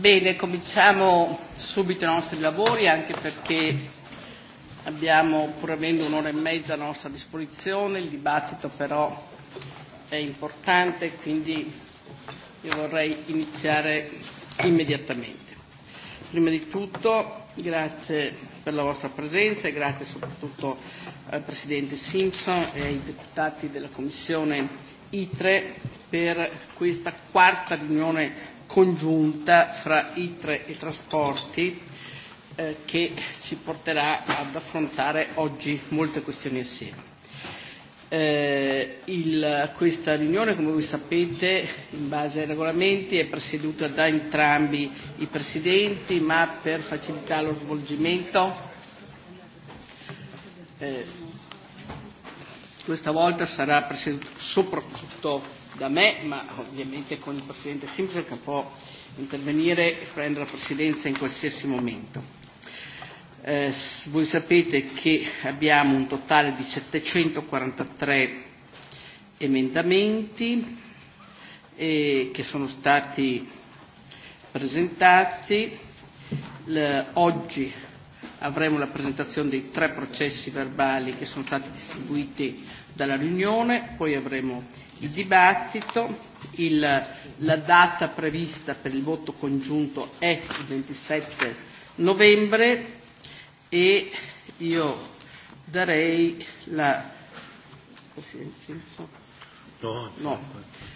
Bene, cominciamo subito i nostri lavori anche perché abbiamo pur avendo un'ora e mezza a nostra disposizione, il dibattito però è importante quindi io vorrei iniziare immediatamente. Prima di tutto grazie per la vostra presenza e grazie soprattutto al Presidente Simpson e ai deputati della Commissione ITRE per questa quarta riunione congiunta fra i tre i trasporti eh, che ci porterà ad affrontare oggi molte questioni assieme. Eh, il, questa riunione, come voi sapete, in base ai regolamenti è presieduta da entrambi i presidenti, ma per facilitare lo svolgimento eh, questa volta sarà presieduto soprattutto da me, ma ovviamente con il Presidente Simpson che può intervenire e prendere la Presidenza in qualsiasi momento. Eh, voi sapete che abbiamo un totale di 743 emendamenti eh, che sono stati presentati. L oggi avremo la presentazione dei tre processi verbali che sono stati distribuiti dalla riunione, poi avremo il dibattito. Il, la data prevista per il voto congiunto è il 27 novembre e io darei la... No, no.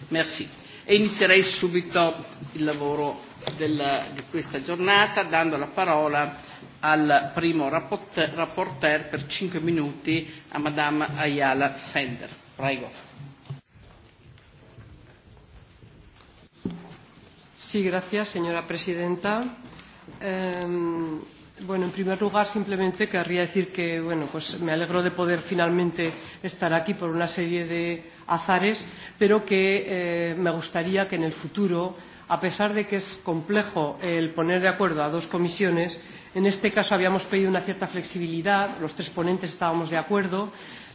Merci. E inizierei subito il lavoro della, di questa giornata dando la parola al primo rapporteur per 5 minuti a Madame Ayala Sender. Prego. Sí, gracias, señora presidenta. Eh, bueno, en primer lugar, simplemente querría decir que bueno, pues me alegro de poder finalmente estar aquí por una serie de azares, pero que eh, me gustaría que en el futuro, a pesar de que es complejo el poner de acuerdo a dos comisiones, en este caso habíamos pedido una cierta flexibilidad, los tres ponentes estábamos de acuerdo,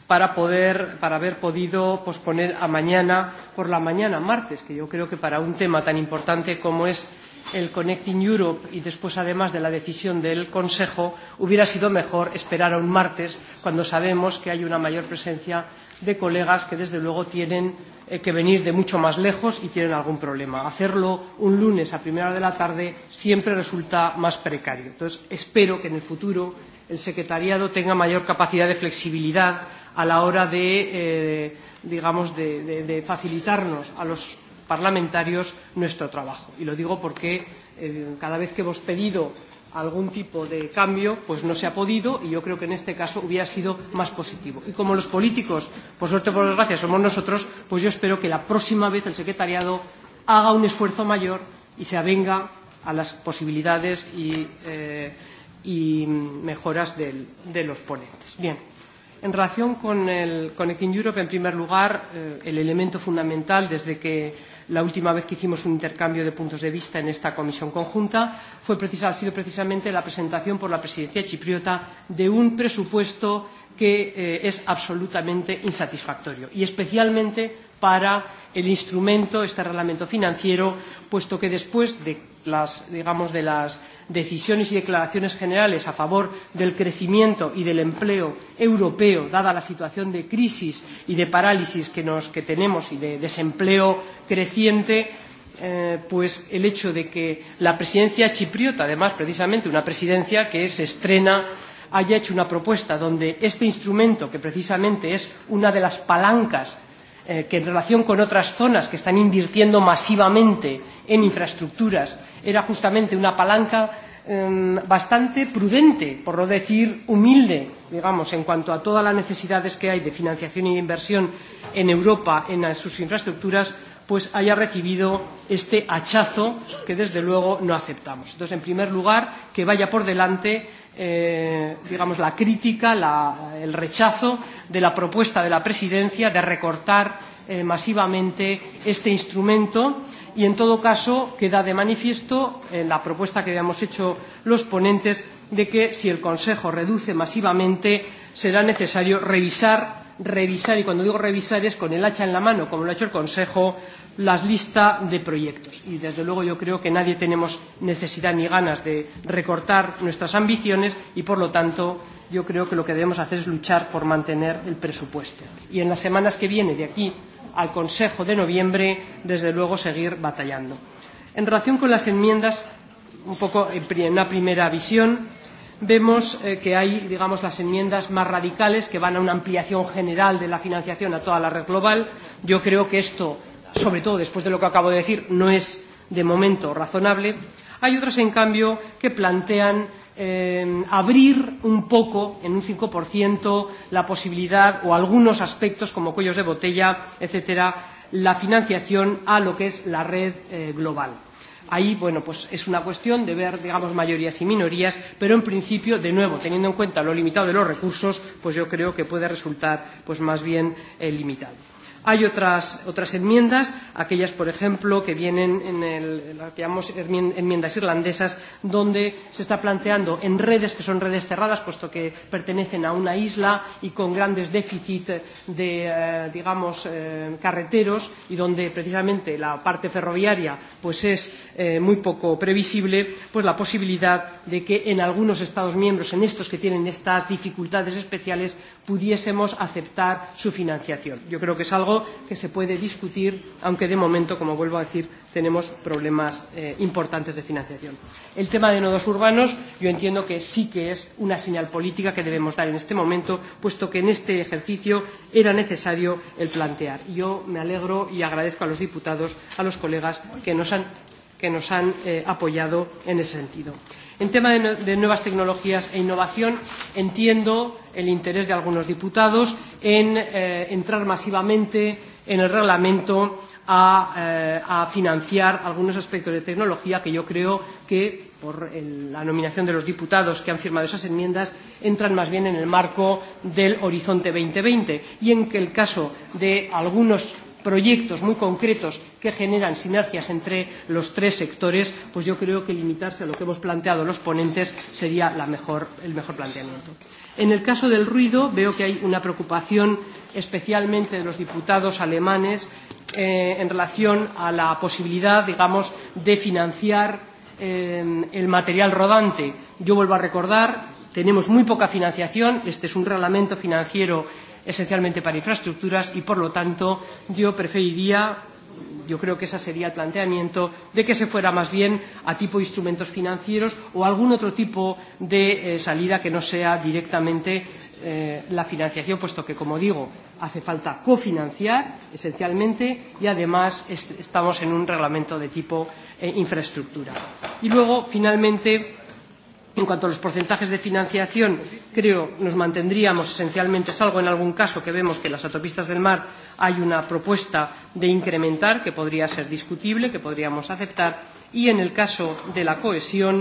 para poder, para haber podido posponer a mañana, por la mañana, martes, que yo creo que para un tema tan importante como es el Connecting Europe y después además de la decisión del Consejo, hubiera sido mejor esperar a un martes cuando sabemos que hay una mayor presencia de colegas que desde luego tienen eh, que venir de mucho más lejos y tienen algún problema. Hacerlo un lunes a primera hora de la tarde siempre resulta más precario. Entonces espero que en el futuro el secretariado tenga mayor capacidad de flexibilidad a la hora de, eh, digamos, de, de, de facilitarnos a los parlamentarios nuestro trabajo. Y lo digo porque eh, cada vez que hemos pedido algún tipo de cambio, pues no se ha podido y yo creo que en este caso hubiera sido más positivo. Y como los políticos, por suerte por desgracia, somos nosotros, pues yo espero que la próxima vez el secretariado haga un esfuerzo mayor y se avenga a las posibilidades y, eh, y mejoras del, de los ponentes. Bien. En relación con el Connecting Europe, en primer lugar, eh, el elemento fundamental desde que la última vez que hicimos un intercambio de puntos de vista en esta comisión conjunta fue precisa, ha sido precisamente la presentación por la presidencia chipriota de un presupuesto que eh, es absolutamente insatisfactorio y especialmente para el instrumento, este reglamento financiero, puesto que después de las, digamos, de las decisiones y declaraciones generales a favor del crecimiento y del empleo europeo, dada la situación de crisis y de parálisis que, nos, que tenemos y de desempleo creciente, eh, pues el hecho de que la presidencia chipriota, además, precisamente una presidencia que se estrena haya hecho una propuesta donde este instrumento, que precisamente es una de las palancas eh, que en relación con otras zonas que están invirtiendo masivamente en infraestructuras era justamente una palanca eh, bastante prudente, por no decir humilde, digamos, en cuanto a todas las necesidades que hay de financiación y de inversión en Europa en sus infraestructuras, pues haya recibido este hachazo que desde luego no aceptamos. Entonces, en primer lugar, que vaya por delante eh, digamos, la crítica, la, el rechazo de la propuesta de la Presidencia de recortar eh, masivamente este instrumento y en todo caso queda de manifiesto en la propuesta que habíamos hecho los ponentes de que si el Consejo reduce masivamente será necesario revisar, revisar y cuando digo revisar es con el hacha en la mano, como lo ha hecho el Consejo, la lista de proyectos. Y desde luego yo creo que nadie tenemos necesidad ni ganas de recortar nuestras ambiciones y por lo tanto yo creo que lo que debemos hacer es luchar por mantener el presupuesto. Y en las semanas que viene de aquí al Consejo de noviembre, desde luego seguir batallando. En relación con las enmiendas, un poco en una primera visión, vemos eh, que hay, digamos, las enmiendas más radicales que van a una ampliación general de la financiación a toda la red global. Yo creo que esto, sobre todo después de lo que acabo de decir, no es de momento razonable. Hay otras, en cambio, que plantean eh, abrir un poco, en un 5%, la posibilidad o algunos aspectos como cuellos de botella, etcétera, la financiación a lo que es la red eh, global. Ahí, bueno, pues es una cuestión de ver, digamos, mayorías y minorías, pero en principio, de nuevo, teniendo en cuenta lo limitado de los recursos, pues yo creo que puede resultar, pues más bien, eh, limitado. Hay otras, otras enmiendas, aquellas, por ejemplo, que vienen en el, las que llamamos enmiendas irlandesas, donde se está planteando en redes que son redes cerradas, puesto que pertenecen a una isla y con grandes déficits de, eh, digamos, eh, carreteros y donde precisamente la parte ferroviaria pues es eh, muy poco previsible, pues la posibilidad de que en algunos Estados miembros, en estos que tienen estas dificultades especiales, pudiésemos aceptar su financiación. Yo creo que es algo que se puede discutir, aunque de momento, como vuelvo a decir, tenemos problemas eh, importantes de financiación. El tema de nodos urbanos yo entiendo que sí que es una señal política que debemos dar en este momento, puesto que en este ejercicio era necesario el plantear. Yo me alegro y agradezco a los diputados, a los colegas que nos han, que nos han eh, apoyado en ese sentido. En tema de, no, de nuevas tecnologías e innovación, entiendo el interés de algunos diputados en eh, entrar masivamente en el reglamento a, eh, a financiar algunos aspectos de tecnología que yo creo que, por el, la nominación de los diputados que han firmado esas enmiendas, entran más bien en el marco del Horizonte 2020 y en que el caso de algunos proyectos muy concretos que generan sinergias entre los tres sectores, pues yo creo que limitarse a lo que hemos planteado los ponentes sería la mejor, el mejor planteamiento. En el caso del ruido, veo que hay una preocupación especialmente de los diputados alemanes eh, en relación a la posibilidad, digamos, de financiar eh, el material rodante. Yo vuelvo a recordar, tenemos muy poca financiación, este es un reglamento financiero esencialmente para infraestructuras y, por lo tanto, yo preferiría yo creo que ese sería el planteamiento de que se fuera más bien a tipo de instrumentos financieros o algún otro tipo de eh, salida que no sea directamente eh, la financiación, puesto que, como digo, hace falta cofinanciar esencialmente y además es, estamos en un reglamento de tipo eh, infraestructura. Y luego, finalmente, En cuanto a los porcentajes de financiación, creo nos mantendríamos esencialmente, salvo en algún caso que vemos que las autopistas del mar hay una propuesta de incrementar que podría ser discutible, que podríamos aceptar, y en el caso de la cohesión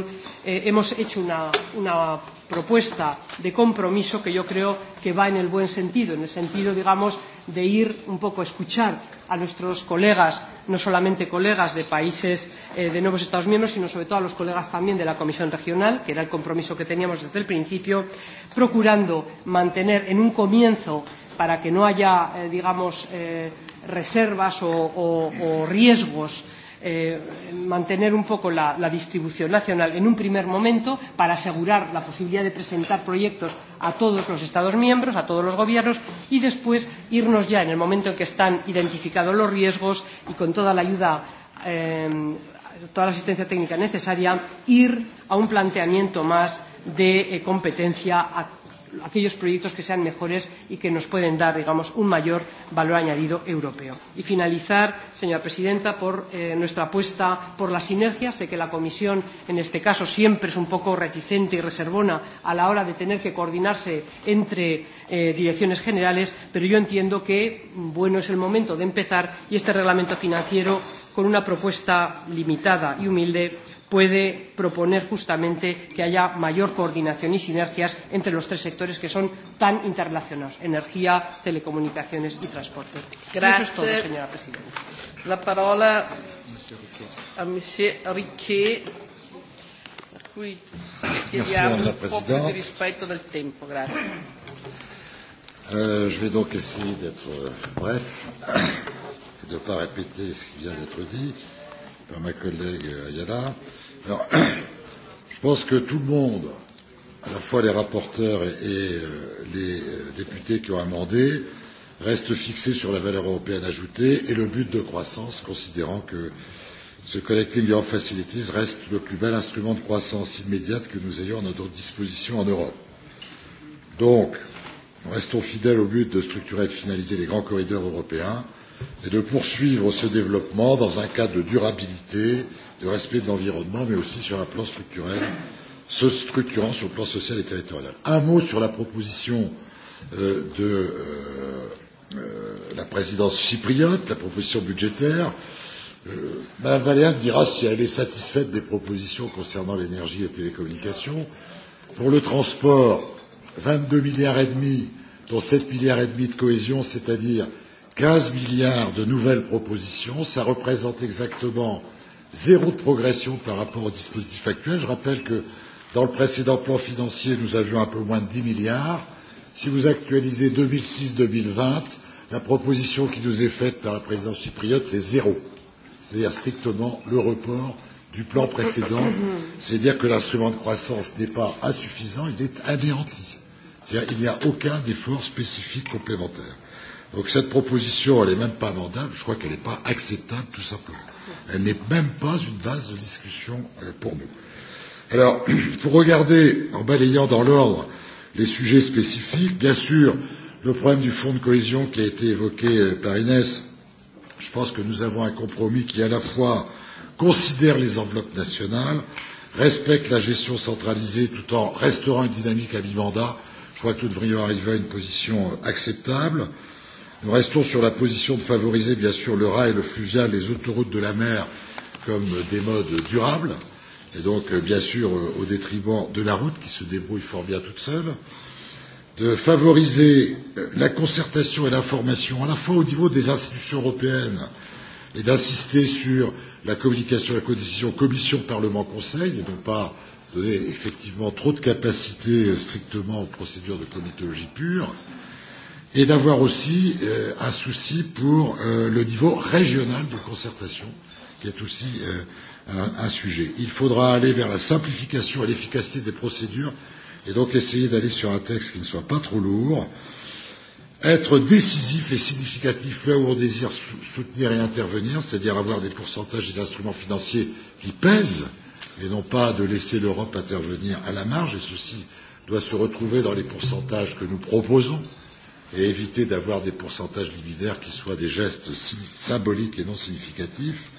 eh, hemos hecho una, una propuesta de compromiso que yo creo que va en el buen sentido, en el sentido, digamos, de ir un poco a escuchar a nuestros colegas, no solamente colegas de países eh, de nuevos Estados miembros, sino sobre todo a los colegas también de la Comisión Regional, que era el compromiso que teníamos desde el principio, procurando mantener en un comienzo, para que no haya, eh, digamos, eh, reservas o, o, o riesgos, eh, mantener un poco la, la distribución nacional en un primer momento para asegurar la posibilidad de presentar proyectos a todos los Estados miembros, a todos los gobiernos y después irnos ya en el momento en que están identificados los riesgos y con toda la ayuda, eh, toda la asistencia técnica necesaria, ir a un planteamiento más de eh, competencia a aquellos proyectos que sean mejores y que nos pueden dar, digamos, un mayor valor añadido europeo. Y finalizar, señora presidenta, por eh, nuestra apuesta por las sinergias. Sé que la Comisión, en este caso, siempre es un poco reticente y reservona a la hora de tener que coordinarse entre eh, direcciones generales, pero yo entiendo que, mm, bueno, es el momento de empezar y este reglamento financiero, con una propuesta limitada y humilde, puede proponer justamente que haya mayor coordinación y sinergias entre los tres sectores que son tan interrelacionados, energía, telecomunicaciones y transporte. Gracias. Y eso es todo, señora presidenta. La palabra a Monsieur Riquet, a cui chiediamo un po' più di del tempo. Grazie. Euh, je vais donc essayer d'être bref et de ne pas répéter ce qui vient d'être dit. Euh, par ma collègue Ayala. Alors, je pense que tout le monde, à la fois les rapporteurs et, et euh, les euh, députés qui ont amendé, reste fixé sur la valeur européenne ajoutée et le but de croissance, considérant que ce Collecting Europe Facilities reste le plus bel instrument de croissance immédiate que nous ayons à notre disposition en Europe. Donc, restons fidèles au but de structurer et de finaliser les grands corridors européens et de poursuivre ce développement dans un cadre de durabilité, de respect de l'environnement, mais aussi sur un plan structurel, se structurant sur le plan social et territorial. Un mot sur la proposition euh, de euh, euh, la présidence chypriote, la proposition budgétaire. Euh, Madame Valéane dira si elle est satisfaite des propositions concernant l'énergie et les télécommunications. Pour le transport, 22 milliards et demi, dont 7 milliards et demi de cohésion, c'est-à-dire 15 milliards de nouvelles propositions, ça représente exactement zéro de progression par rapport au dispositif actuel. Je rappelle que dans le précédent plan financier, nous avions un peu moins de 10 milliards. Si vous actualisez 2006-2020, la proposition qui nous est faite par la présidence chypriote, c'est zéro. C'est-à-dire strictement le report du plan précédent. C'est-à-dire que l'instrument de croissance n'est pas insuffisant, il est anéanti. C'est-à-dire qu'il n'y a aucun effort spécifique complémentaire. Donc cette proposition, elle n'est même pas mandable, je crois qu'elle n'est pas acceptable tout simplement. Elle n'est même pas une base de discussion euh, pour nous. Alors, il faut regarder, en balayant dans l'ordre les sujets spécifiques, bien sûr, le problème du fonds de cohésion qui a été évoqué euh, par Inès, je pense que nous avons un compromis qui à la fois considère les enveloppes nationales, respecte la gestion centralisée tout en restaurant une dynamique à mi-mandat. Je crois que nous devrions arriver à une position euh, acceptable. Euh, Nous restons sur la position de favoriser bien sûr le rail, le fluvial, les autoroutes de la mer comme des modes durables, et donc euh, bien sûr euh, au détriment de la route qui se débrouille fort bien toute seule, de favoriser euh, la concertation et l'information à la fois au niveau des institutions européennes et d'insister sur la communication, et la codécision commission, parlement, conseil, et non pas donner effectivement trop de capacités strictement aux procédures de comitologie pure, euh, et d'avoir aussi euh, un souci pour euh, le niveau régional de concertation, qui est aussi euh, un, un sujet. Il faudra aller vers la simplification et l'efficacité des procédures, et donc essayer d'aller sur un texte qui ne soit pas trop lourd, être décisif et significatif là où on désire soutenir et intervenir, c'est-à-dire avoir des pourcentages des instruments financiers qui pèsent, et non pas de laisser l'Europe intervenir à la marge, et ceci doit se retrouver dans les pourcentages que nous proposons, euh, et éviter d'avoir des pourcentages libidaires qui soient des gestes symboliques et non significatifs.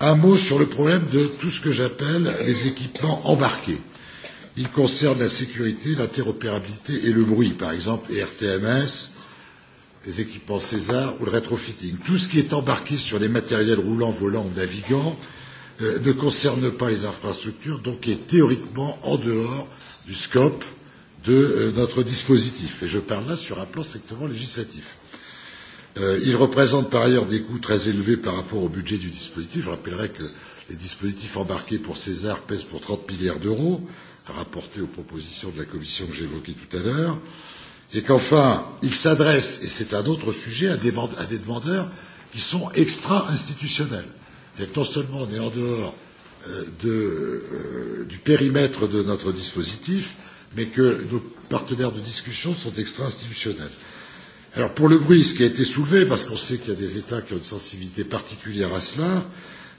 Un mot sur le problème de tout ce que j'appelle les équipements embarqués. Il concerne la sécurité, l'interopérabilité et le bruit, par exemple RTMS, les équipements César ou le rétrofitting. Tout ce qui est embarqué sur les matériels roulants, volants ou navigants euh, ne concerne pas les infrastructures, donc est théoriquement en dehors du scope de euh, notre dispositif. Et je parle là sur un plan strictement législatif. Euh, il représente par ailleurs des coûts très élevés par rapport au budget du dispositif. Je rappellerai que les dispositifs embarqués pour César pèsent pour 30 milliards d'euros, rapportés aux propositions de la Commission que j'évoquais tout à l'heure, et qu'enfin, il s'adresse, et c'est un autre sujet, à des, à des demandeurs qui sont extra-institutionnels. C'est-à-dire que non seulement on est en dehors euh, de, euh, du périmètre de notre dispositif, mais que nos partenaires de discussion sont extra-institutionnels. Alors pour le bruit, ce qui a été soulevé, parce qu'on sait qu'il y a des États qui ont une sensibilité particulière à cela,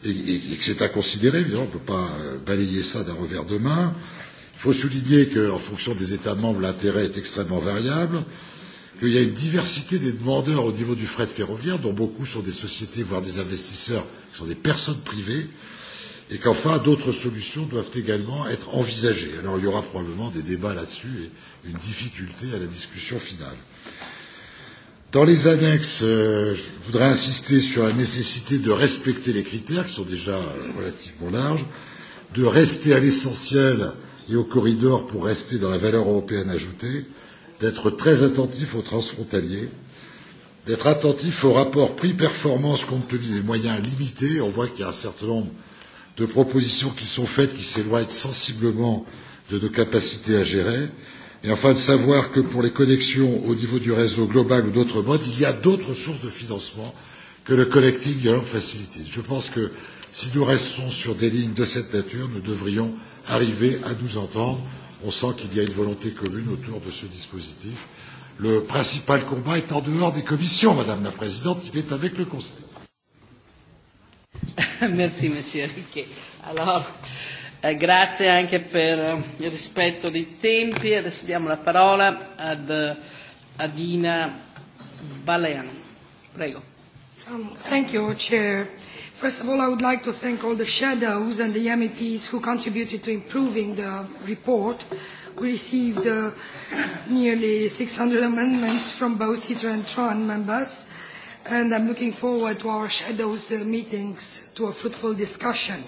et, et, et que c'est à considérer, évidemment, on ne peut pas euh, balayer ça d'un revers de main. Il faut souligner qu'en fonction des États membres, l'intérêt est extrêmement variable, qu'il y a une diversité des demandeurs au niveau du fret ferroviaire, dont beaucoup sont des sociétés, voire des investisseurs, qui sont des personnes privées, et qu'enfin d'autres solutions doivent également être envisagées. Alors il y aura probablement des débats là-dessus et une difficulté à la discussion finale. Dans les annexes, euh, je voudrais insister sur la nécessité de respecter les critères qui sont déjà relativement larges, de rester à l'essentiel et au corridor pour rester dans la valeur européenne ajoutée, d'être très attentif aux transfrontaliers, d'être attentif au rapport prix-performance compte tenu des moyens limités. On voit qu'il y a un certain nombre de propositions qui sont faites qui s'éloignent sensiblement de nos capacités à gérer, et enfin de savoir que pour les connexions au niveau du réseau global ou d'autres modes, il y a d'autres sources de financement que le collectif dialogue facilité. Je pense que si nous restons sur des lignes de cette nature, nous devrions arriver à nous entendre. On sent qu'il y a une volonté commune autour de ce dispositif. Le principal combat est en dehors des commissions, Madame la Présidente, il est avec le Conseil. Merci, Monsieur Ricchi. Allora, eh, grazie anche per eh, il rispetto dei tempi. Adesso diamo la parola ad eh, Adina Balean. Prego. Um, thank you, Chair. First of all, I would like to thank all the shadows and the MEPs who contributed to improving the report. We received uh, nearly 600 amendments from both CITRA and TRON members and I'm looking forward to our shadows uh, meetings to a fruitful discussion.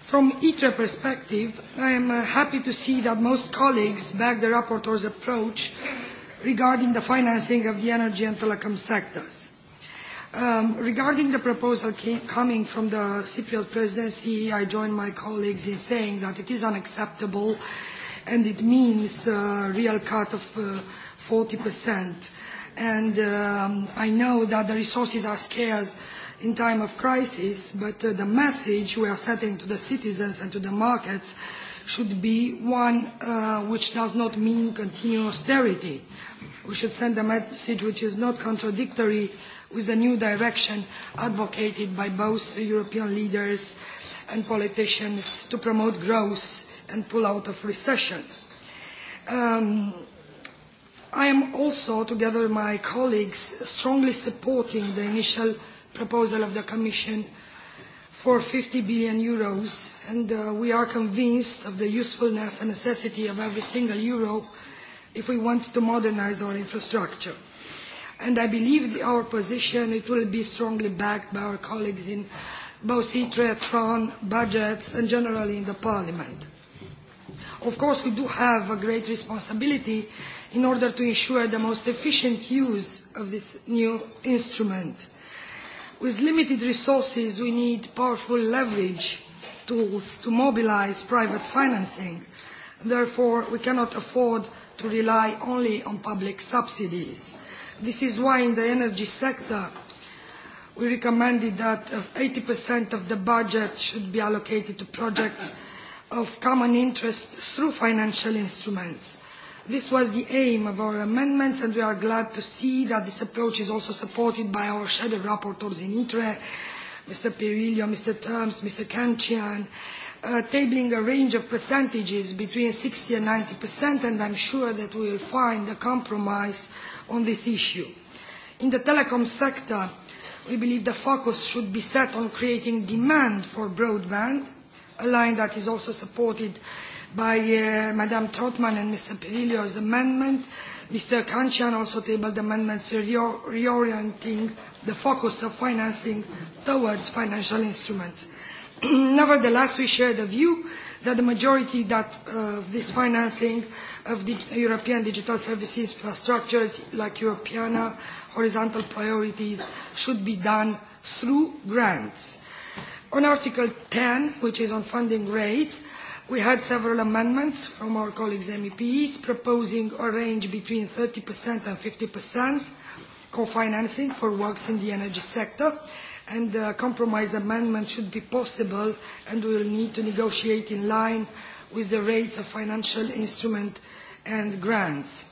From ITRE perspective, I am uh, happy to see that most colleagues back the rapporteur's approach regarding the financing of the energy and telecom sectors. Um, regarding the proposal coming from the Cypriot presidency, I join my colleagues in saying that it is unacceptable and it means a real cut of uh, 40% And um, I know that the resources are scarce in time of crisis, but uh, the message we are setting to the citizens and to the markets should be one uh, which does not mean continued austerity. We should send a message which is not contradictory with the new direction advocated by both European leaders and politicians to promote growth and pull out of recession. Um, I am also, together with my colleagues, strongly supporting the initial proposal of the Commission for 50 billion euros, and uh, we are convinced of the usefulness and necessity of every single euro if we want to modernize our infrastructure. And I believe the, our position, it will be strongly backed by our colleagues in both ITRE, TRON, budgets, and generally in the Parliament. Of course, we do have a great responsibility in order to ensure the most efficient use of this new instrument. With limited resources, we need powerful leverage tools to mobilize private financing. Therefore, we cannot afford to rely only on public subsidies. This is why in the energy sector, we recommended that 80% of the budget should be allocated to projects of common interest through financial instruments. This was the aim of our amendments, and we are glad to see that this approach is also supported by our shadow rapporteurs in ITRE, Mr. Pirillo, Mr. Terms, Mr. Kanchian, uh, tabling a range of percentages between 60 and 90 percent, and I'm sure that we will find a compromise on this issue. In the telecom sector, we believe the focus should be set on creating demand for broadband, a line that is also supported by uh, Madame Trotman and Mr. Perilio's amendment. Mr. Kanchan also tabled amendments reorienting the focus of financing towards financial instruments. Nevertheless, we share the view that the majority that, uh, of this financing of the European digital services infrastructures like Europeana, horizontal priorities should be done through grants. On Article 10, which is on funding rates, We had several amendments from our colleagues MEPs proposing a range between 30% and 50% co-financing for works in the energy sector and the compromise amendment should be possible and we will need to negotiate in line with the rates of financial instrument and grants.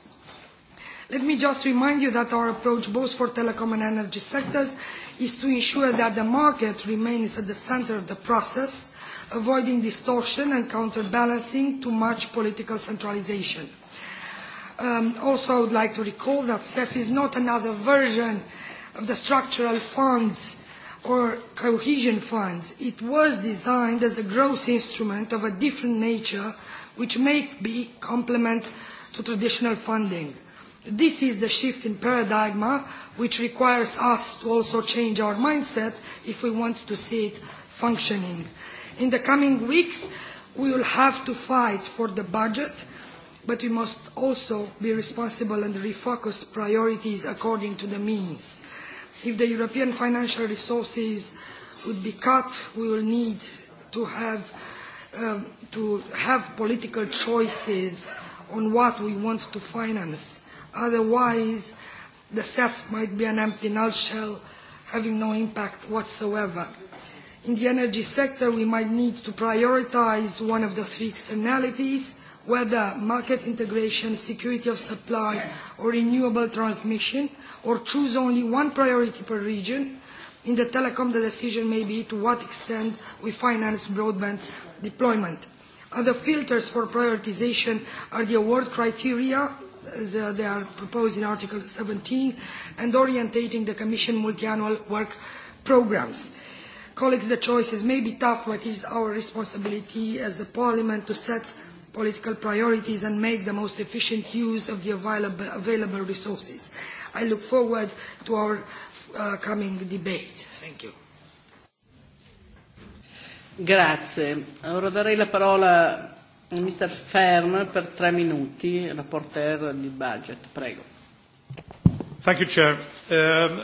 Let me just remind you that our approach both for telecom and energy sectors is to ensure that the market remains at the center of the process avoiding distortion and counterbalancing too much political centralization. Um, also, I would like to recall that CEF is not another version of the structural funds or cohesion funds. It was designed as a growth instrument of a different nature which may be complement to traditional funding. This is the shift in paradigm which requires us to also change our mindset if we want to see it functioning. In the coming weeks, we will have to fight for the budget, but we must also be responsible and refocus priorities according to the means. If the European financial resources would be cut, we will need to have, um, to have political choices on what we want to finance. Otherwise, the CEF might be an empty nutshell having no impact whatsoever. In the energy sector, we might need to prioritize one of the three externalities, whether market integration, security of supply, or renewable transmission, or choose only one priority per region. In the telecom, the decision may be to what extent we finance broadband deployment. Other filters for prioritization are the award criteria, as uh, they are proposed in Article 17, and orientating the Commission multi-annual work programs. Colleagues, the choices may be tough, but it is our responsibility as the Parliament to set political priorities and make the most efficient use of the available, available resources. I look forward to our uh, coming debate. Thank you. Grazie. Ora darei la parola a Mr. Ferm per tre minuti, rapporteur di budget. Prego. Thank you, Chair. Um,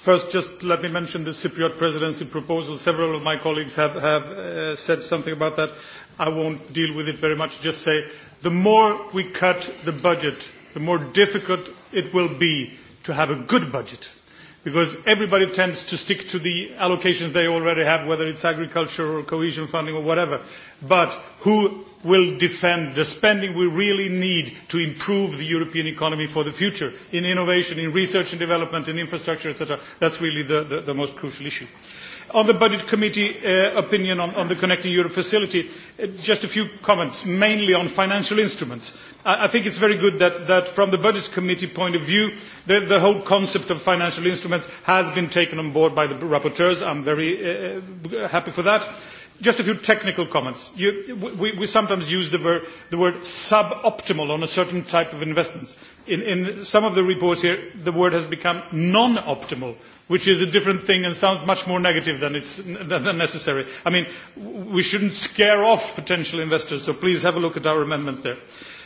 First, just let me mention the Cypriot presidency proposal. Several of my colleagues have, have uh, said something about that. I won't deal with it very much. Just say the more we cut the budget, the more difficult it will be to have a good budget because everybody tends to stick to the allocations they already have, whether it's agriculture or cohesion funding or whatever. But who will defend the spending we really need to improve the European economy for the future in innovation, in research and development, in infrastructure, etc. That's really the, the, the most crucial issue. On the Budget Committee uh, opinion on, on the Connecting Europe facility, uh, just a few comments, mainly on financial instruments. I, I think it's very good that, that from the Budget Committee point of view, the, the whole concept of financial instruments has been taken on board by the rapporteurs. I'm very uh, uh happy for that. Just a few technical comments. You, we, we sometimes use the, ver, the word suboptimal on a certain type of investments. In, in some of the reports here, the word has become non-optimal, which is a different thing and sounds much more negative than, it's, than necessary. I mean, we shouldn't scare off potential investors, so please have a look at our amendments there.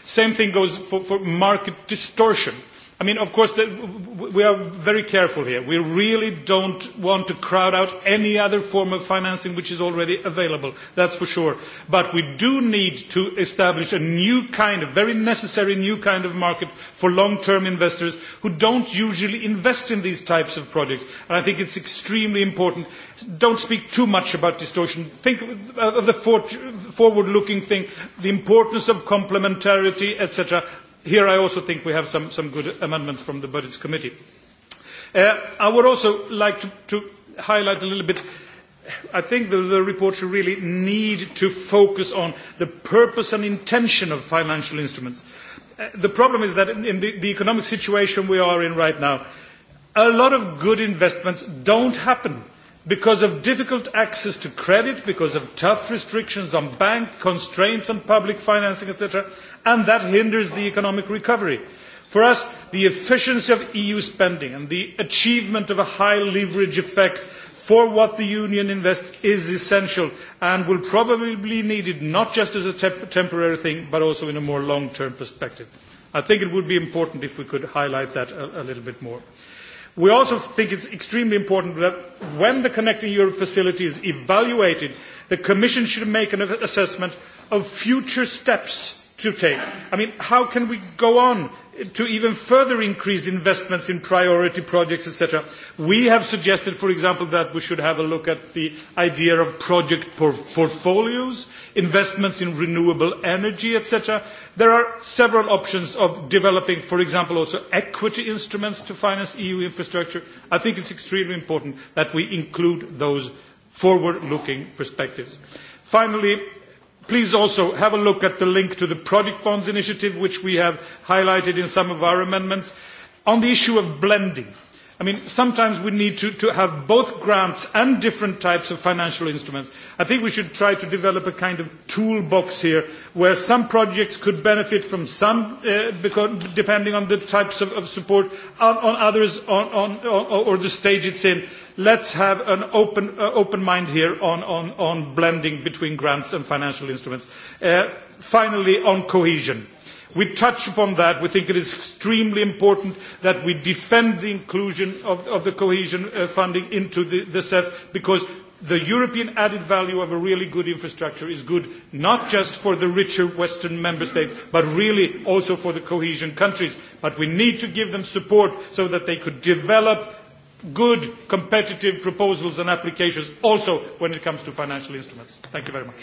Same thing goes for, for market distortion. Uh, I mean, of course, the, we are very careful here. We really don't want to crowd out any other form of financing which is already available, that's for sure. But we do need to establish a new kind of, very necessary new kind of market for long-term investors who don't usually invest in these types of projects. And I think it's extremely important. Don't speak too much about distortion. Think of the forward-looking thing, the importance of complementarity, etc here I also think we have some, some good amendments from the Budgets Committee. Uh, I would also like to, to highlight a little bit I think the, the report should really need to focus on the purpose and intention of financial instruments. Uh, the problem is that in, in the, the economic situation we are in right now, a lot of good investments don't happen because of difficult access to credit, because of tough restrictions on bank constraints on public financing, etc and that hinders the economic recovery. For us, the efficiency of EU spending and the achievement of a high leverage effect for what the Union invests is essential and will probably be needed not just as a temp temporary thing but also in a more long-term perspective. I think it would be important if we could highlight that a, a little bit more. We also think it's extremely important that when the Connecting Europe facility is evaluated, the Commission should make an assessment of future steps to take. I mean, how can we go on to even further increase investments in priority projects, etc.? We have suggested, for example, that we should have a look at the idea of project por portfolios, investments in renewable energy, etc. There are several options of developing, for example, also equity instruments to finance EU infrastructure. I think it's extremely important that we include those forward-looking perspectives. Finally, Please also have a look at the link to the product bonds initiative, which we have highlighted in some of our amendments. On the issue of blending, I mean, sometimes we need to, to have both grants and different types of financial instruments. I think we should try to develop a kind of toolbox here where some projects could benefit from some, uh, because, depending on the types of, of support, on, on others on, on, on, or the stage it's in. Let's have an open, uh, open mind here on, on, on blending between grants and financial instruments. Uh, finally, on cohesion. We touch upon that. We think it is extremely important that we defend the inclusion of, of the cohesion uh, funding into the, the CEF because the European added value of a really good infrastructure is good not just for the richer Western member states, but really also for the cohesion countries. But we need to give them support so that they could develop good competitive proposals and applications also when it comes to financial instruments. Thank you very much.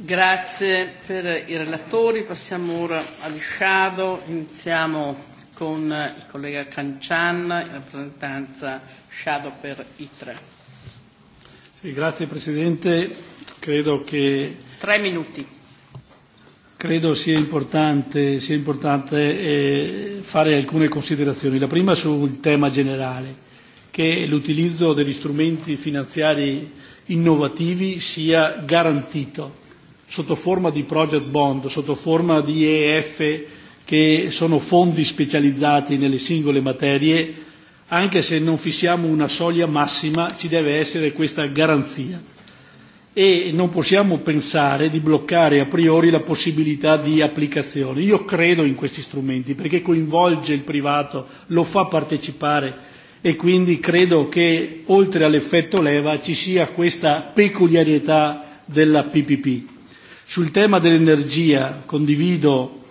Grazie per i relatori, passiamo ora agli shadow, iniziamo con il collega Cancian in rappresentanza shadow per ITRE. Sì, grazie Presidente, credo che... Tre minuti. Credo sia importante, sia importante eh, fare alcune considerazioni. La prima sul tema generale, che l'utilizzo degli strumenti finanziari innovativi sia garantito sotto forma di project bond, sotto forma di EF, e che sono fondi specializzati nelle singole materie, anche se non fissiamo una soglia massima ci deve essere questa garanzia e non possiamo pensare di bloccare a priori la possibilità di applicazione. Io credo in questi strumenti perché coinvolge il privato, lo fa partecipare e quindi credo che oltre all'effetto leva ci sia questa peculiarità della PPP. Sul tema dell'energia condivido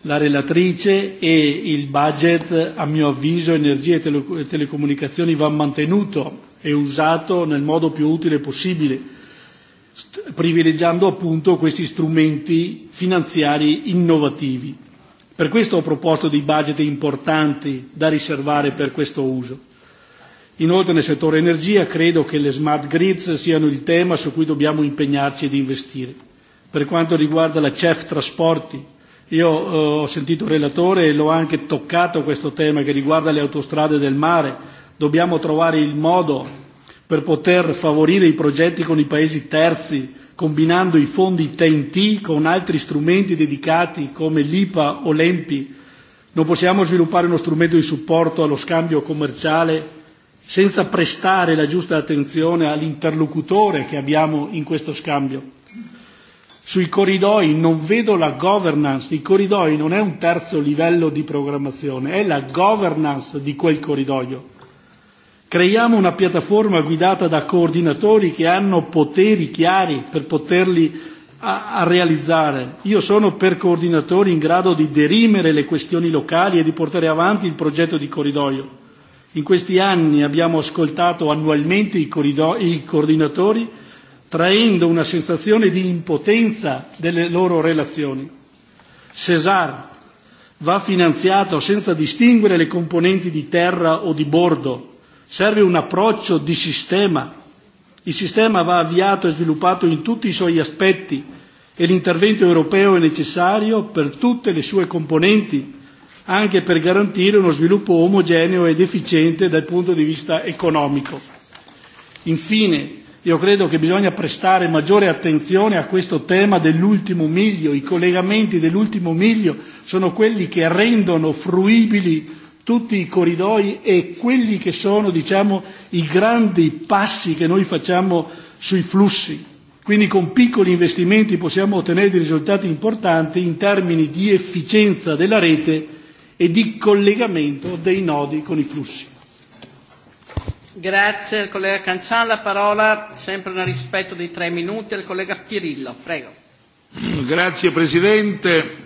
la relatrice e il budget, a mio avviso, energia e tele telecomunicazioni va mantenuto e usato nel modo più utile possibile, privilegiando appunto questi strumenti finanziari innovativi. Per questo ho proposto dei budget importanti da riservare per questo uso. Inoltre nel settore energia credo che le smart grids siano il tema su cui dobbiamo impegnarci ed investire. Per quanto riguarda la CEF Trasporti, io eh, ho sentito il relatore e l'ho anche toccato questo tema che riguarda le autostrade del mare. Dobbiamo trovare il modo per poter favorire i progetti con i paesi terzi, combinando i fondi TNT con altri strumenti dedicati come l'IPA o l'EMPI. Non possiamo sviluppare uno strumento di supporto allo scambio commerciale senza prestare la giusta attenzione all'interlocutore che abbiamo in questo scambio. Sui corridoi non vedo la governance, i corridoi non è un terzo livello di programmazione, è la governance di quel corridoio. Creiamo una piattaforma guidata da coordinatori che hanno poteri chiari per poterli a, a realizzare. Io sono per coordinatori in grado di derimere le questioni locali e di portare avanti il progetto di corridoio. In questi anni abbiamo ascoltato annualmente i, i coordinatori traendo una sensazione di impotenza delle loro relazioni. Cesar va finanziato senza distinguere le componenti di terra o di bordo, serve un approccio di sistema. Il sistema va avviato e sviluppato in tutti i suoi aspetti e l'intervento europeo è necessario per tutte le sue componenti, anche per garantire uno sviluppo omogeneo ed efficiente dal punto di vista economico. Infine, Io credo che bisogna prestare maggiore attenzione a questo tema dell'ultimo miglio. I collegamenti dell'ultimo miglio sono quelli che rendono fruibili tutti i corridoi e quelli che sono diciamo, i grandi passi che noi facciamo sui flussi. Quindi con piccoli investimenti possiamo ottenere dei risultati importanti in termini di efficienza della rete e di collegamento dei nodi con i flussi. Grazie collega Cancian, la parola sempre nel rispetto dei tre minuti al collega Pirillo, prego. Grazie Presidente,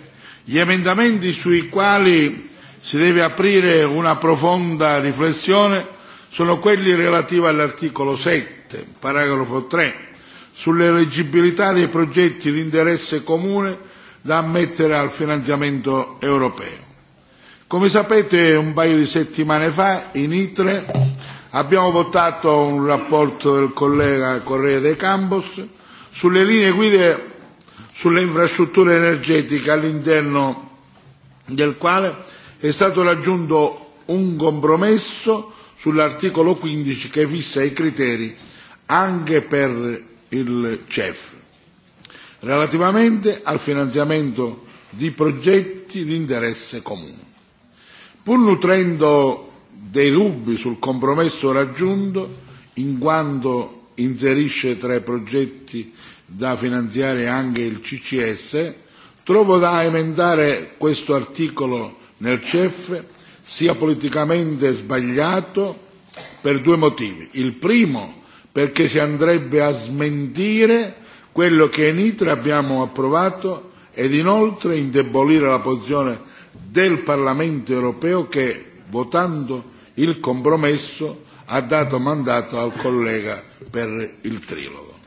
gli emendamenti sui quali si deve aprire una profonda riflessione sono quelli relativi all'articolo 7, paragrafo 3, sull'eleggibilità dei progetti di interesse comune da ammettere al finanziamento europeo. Come sapete un paio di settimane fa in ITRE Abbiamo votato un rapporto del collega Correa de Campos sulle linee guide sulle infrastrutture energetiche all'interno del quale è stato raggiunto un compromesso sull'articolo 15 che fissa i criteri anche per il CEF relativamente al finanziamento di progetti di interesse comune. Pur nutrendo dei dubbi sul compromesso raggiunto in quanto inserisce tra i progetti da finanziare anche il CCS, trovo da emendare questo articolo nel CEF sia politicamente sbagliato per due motivi. Il primo perché si andrebbe a smentire quello che in ITRA e abbiamo approvato ed inoltre indebolire la posizione del Parlamento europeo che, votando il compromesso ha dato mandato al collega per il trilogo.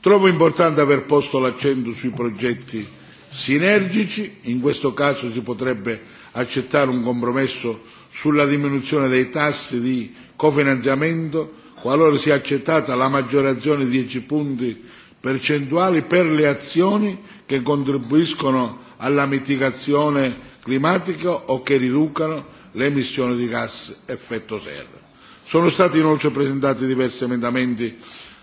Trovo importante aver posto l'accento sui progetti sinergici, in questo caso si potrebbe accettare un compromesso sulla diminuzione dei tassi di cofinanziamento qualora sia accettata la maggiorazione di 10 punti percentuali per le azioni che contribuiscono alla mitigazione climatica o che riducano l'emissione di gas effetto serra. Sono stati inoltre presentati diversi emendamenti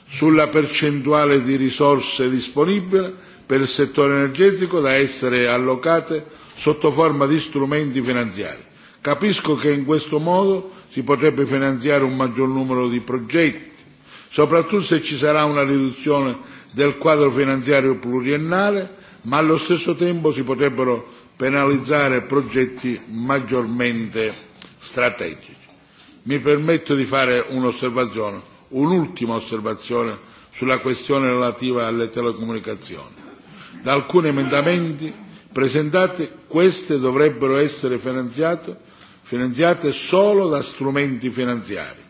sulla percentuale di risorse disponibili per il settore energetico da essere allocate sotto forma di strumenti finanziari. Capisco che in questo modo si potrebbe finanziare un maggior numero di progetti, soprattutto se ci sarà una riduzione del quadro finanziario pluriennale, ma allo stesso tempo si potrebbero penalizzare progetti maggiormente strategici. Mi permetto di fare un'osservazione, un'ultima osservazione sulla questione relativa alle telecomunicazioni. Da alcuni emendamenti presentati queste dovrebbero essere finanziate, finanziate solo da strumenti finanziari.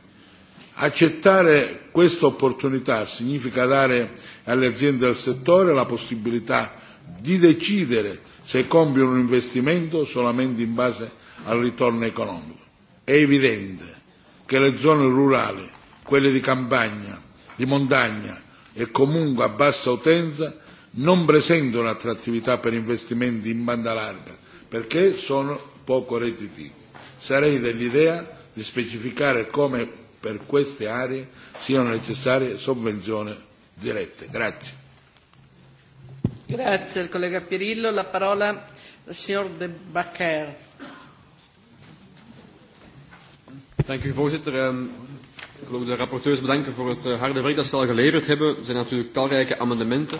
Accettare questa opportunità significa dare alle aziende del settore la possibilità di decidere se compiono un investimento solamente in base al ritorno economico. È evidente che le zone rurali, quelle di campagna, di montagna e comunque a bassa utenza non presentano attrattività per investimenti in banda larga perché sono poco redditivi. Sarei dell'idea di specificare come per queste aree siano necessarie sovvenzioni dirette. Grazie. Grazie, collega Pirillo. La parola al signor De Bacquer, Dank u, voorzitter. Ehm, ik wil ook de rapporteurs bedanken voor het eh, harde werk dat ze al geleverd hebben. Er zijn natuurlijk talrijke amendementen.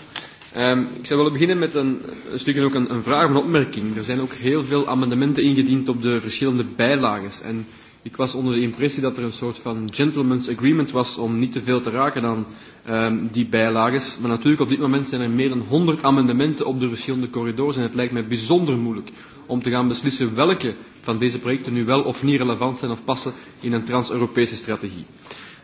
Ehm, ik zou willen beginnen met een, een stukje ook een, een vraag of een opmerking. Er zijn ook heel veel amendementen ingediend op de verschillende bijlages. En Ik was onder de impressie dat er een soort van gentleman's agreement was om niet te veel te raken aan um, die bijlages. Maar natuurlijk, op dit moment zijn er meer dan 100 amendementen op de verschillende corridors. En het lijkt mij bijzonder moeilijk om te gaan beslissen welke van deze projecten nu wel of niet relevant zijn of passen in een trans-Europese strategie.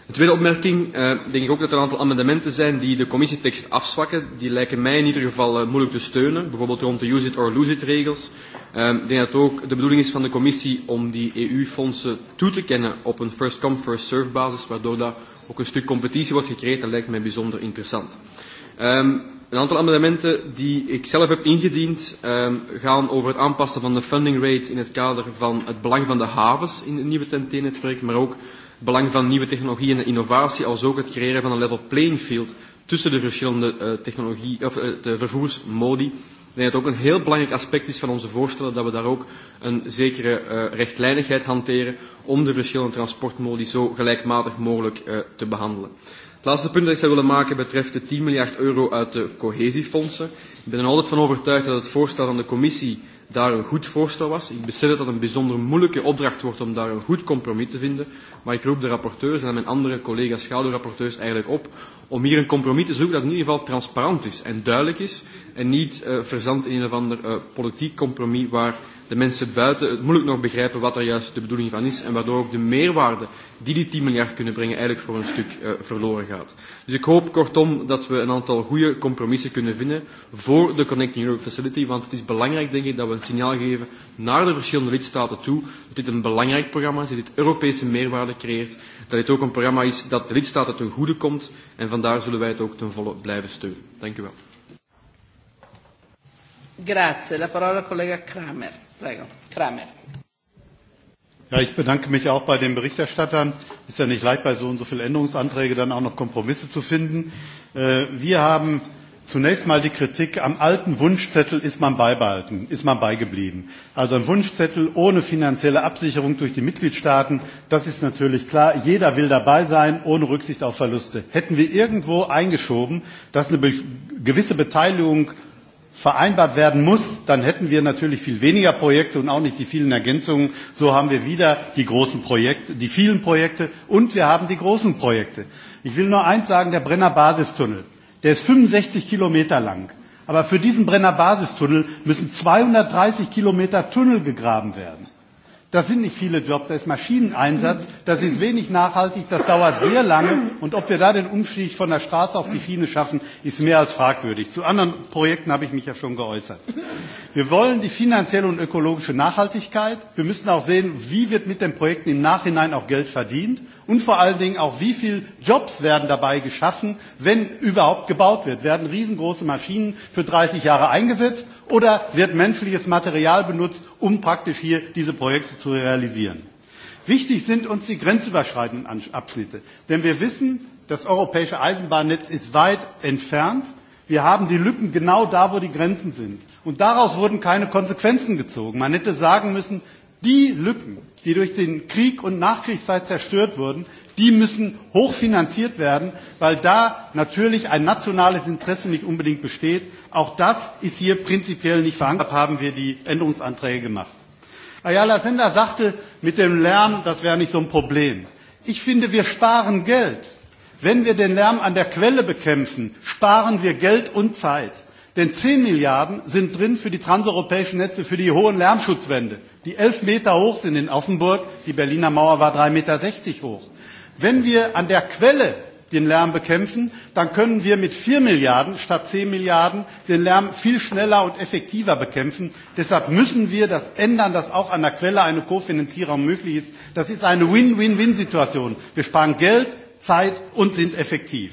De tweede opmerking, uh, denk ik ook dat er een aantal amendementen zijn die de commissietekst afzwakken. Die lijken mij in ieder geval uh, moeilijk te steunen, bijvoorbeeld rond de use it or lose it regels. Uh, ik denk dat het ook de bedoeling is van de commissie om die EU-fondsen toe te kennen op een first come first serve basis, waardoor daar ook een stuk competitie wordt gecreëerd. Dat lijkt mij bijzonder interessant. Um, een aantal amendementen die ik zelf heb ingediend um, gaan over het aanpassen van de funding rate in het kader van het belang van de havens in het nieuwe TNT-netwerk, maar ook belang van nieuwe technologieën en innovatie, als ook het creëren van een level playing field tussen de verschillende uh, technologie, of, uh, de vervoersmodi. Ik denk dat het ook een heel belangrijk aspect is van onze voorstellen dat we daar ook een zekere uh, rechtlijnigheid hanteren om de verschillende transportmodi zo gelijkmatig mogelijk uh, te behandelen. Het laatste punt dat ik zou willen maken betreft de 10 miljard euro uit de cohesiefondsen. Ik ben er altijd van overtuigd dat het voorstel van de commissie daar een goed voorstel was. Ik besef dat het een bijzonder moeilijke opdracht wordt om daar een goed compromis te vinden. Maar ik roep de rapporteurs en mijn andere collega's schaduwrapporteurs eigenlijk op om hier een compromis te zoeken dat in ieder geval transparant is en duidelijk is en niet uh, eh, verzand in een of ander uh, politiek compromis waar de mensen buiten het moeilijk nog begrijpen wat er juist de bedoeling van is en waardoor ook de meerwaarde die die 10 miljard kunnen brengen eigenlijk voor een stuk uh, verloren gaat. Dus ik hoop kortom dat we een aantal goede compromissen kunnen vinden voor de Connecting Europe Facility, want het is belangrijk denk ik dat we een signaal geven naar de verschillende lidstaten toe dat dit een belangrijk programma is, dat dit Europese meerwaarde creëert, dat dit ook een programma is dat de lidstaten ten goede komt en vandaar zullen wij het ook ten volle blijven steunen. Dank u wel. Grazie, la parola collega Kramer. Prego, Kramer. Ja, ich bedanke mich auch bei den Berichterstattern. Ist ja nicht leicht, bei so und so vielen Änderungsanträgen dann auch noch Kompromisse zu finden. Äh, wir haben zunächst mal die Kritik, am alten Wunschzettel ist man beibehalten, ist man beigeblieben. Also ein Wunschzettel ohne finanzielle Absicherung durch die Mitgliedstaaten, das ist natürlich klar. Jeder will dabei sein, ohne Rücksicht auf Verluste. Hätten wir irgendwo eingeschoben, dass eine gewisse Beteiligung vereinbart werden muss, dann hätten wir natürlich viel weniger Projekte und auch nicht die vielen Ergänzungen. So haben wir wieder die großen Projekte, die vielen Projekte und wir haben die großen Projekte. Ich will nur eins sagen, der Brenner Basistunnel, der ist 65 Kilometer lang. Aber für diesen Brenner Basistunnel müssen 230 Kilometer Tunnel gegraben werden. Das sind nicht viele Jobs, das ist Maschineneinsatz, das ist wenig nachhaltig, das dauert sehr lange und ob wir da den Umstieg von der Straße auf die Schiene schaffen, ist mehr als fragwürdig. Zu anderen Projekten habe ich mich ja schon geäußert. Wir wollen die finanzielle und ökologische Nachhaltigkeit. Wir müssen auch sehen, wie wird mit den Projekten im Nachhinein auch Geld verdient und vor allen Dingen auch, wie viele Jobs werden dabei geschaffen, wenn überhaupt gebaut wird. Werden riesengroße Maschinen für 30 Jahre eingesetzt Oder wird menschliches Material benutzt, um praktisch hier diese Projekte zu realisieren? Wichtig sind uns die grenzüberschreitenden Abschnitte, denn wir wissen, das europäische Eisenbahnnetz ist weit entfernt. Wir haben die Lücken genau da, wo die Grenzen sind. Und daraus wurden keine Konsequenzen gezogen. Man hätte sagen müssen, die Lücken, die durch den Krieg und Nachkriegszeit zerstört wurden, die müssen hochfinanziert werden, weil da natürlich ein nationales Interesse nicht unbedingt besteht. Auch das ist hier prinzipiell nicht verankert, haben wir die Änderungsanträge gemacht. Ayala Sender sagte, mit dem Lärm, das wäre nicht so ein Problem. Ich finde, wir sparen Geld. Wenn wir den Lärm an der Quelle bekämpfen, sparen wir Geld und Zeit. Denn 10 Milliarden sind drin für die transeuropäischen Netze, für die hohen Lärmschutzwände, die elf Meter hoch sind in Offenburg. Die Berliner Mauer war 3,60 Meter hoch. Wenn wir an der Quelle den Lärm bekämpfen, dann können wir mit 4 Milliarden statt 10 Milliarden den Lärm viel schneller und effektiver bekämpfen. Deshalb müssen wir das ändern, dass auch an der Quelle eine Kofinanzierung möglich ist. Das ist eine Win-Win-Win-Situation. Wir sparen Geld, Zeit und sind effektiv.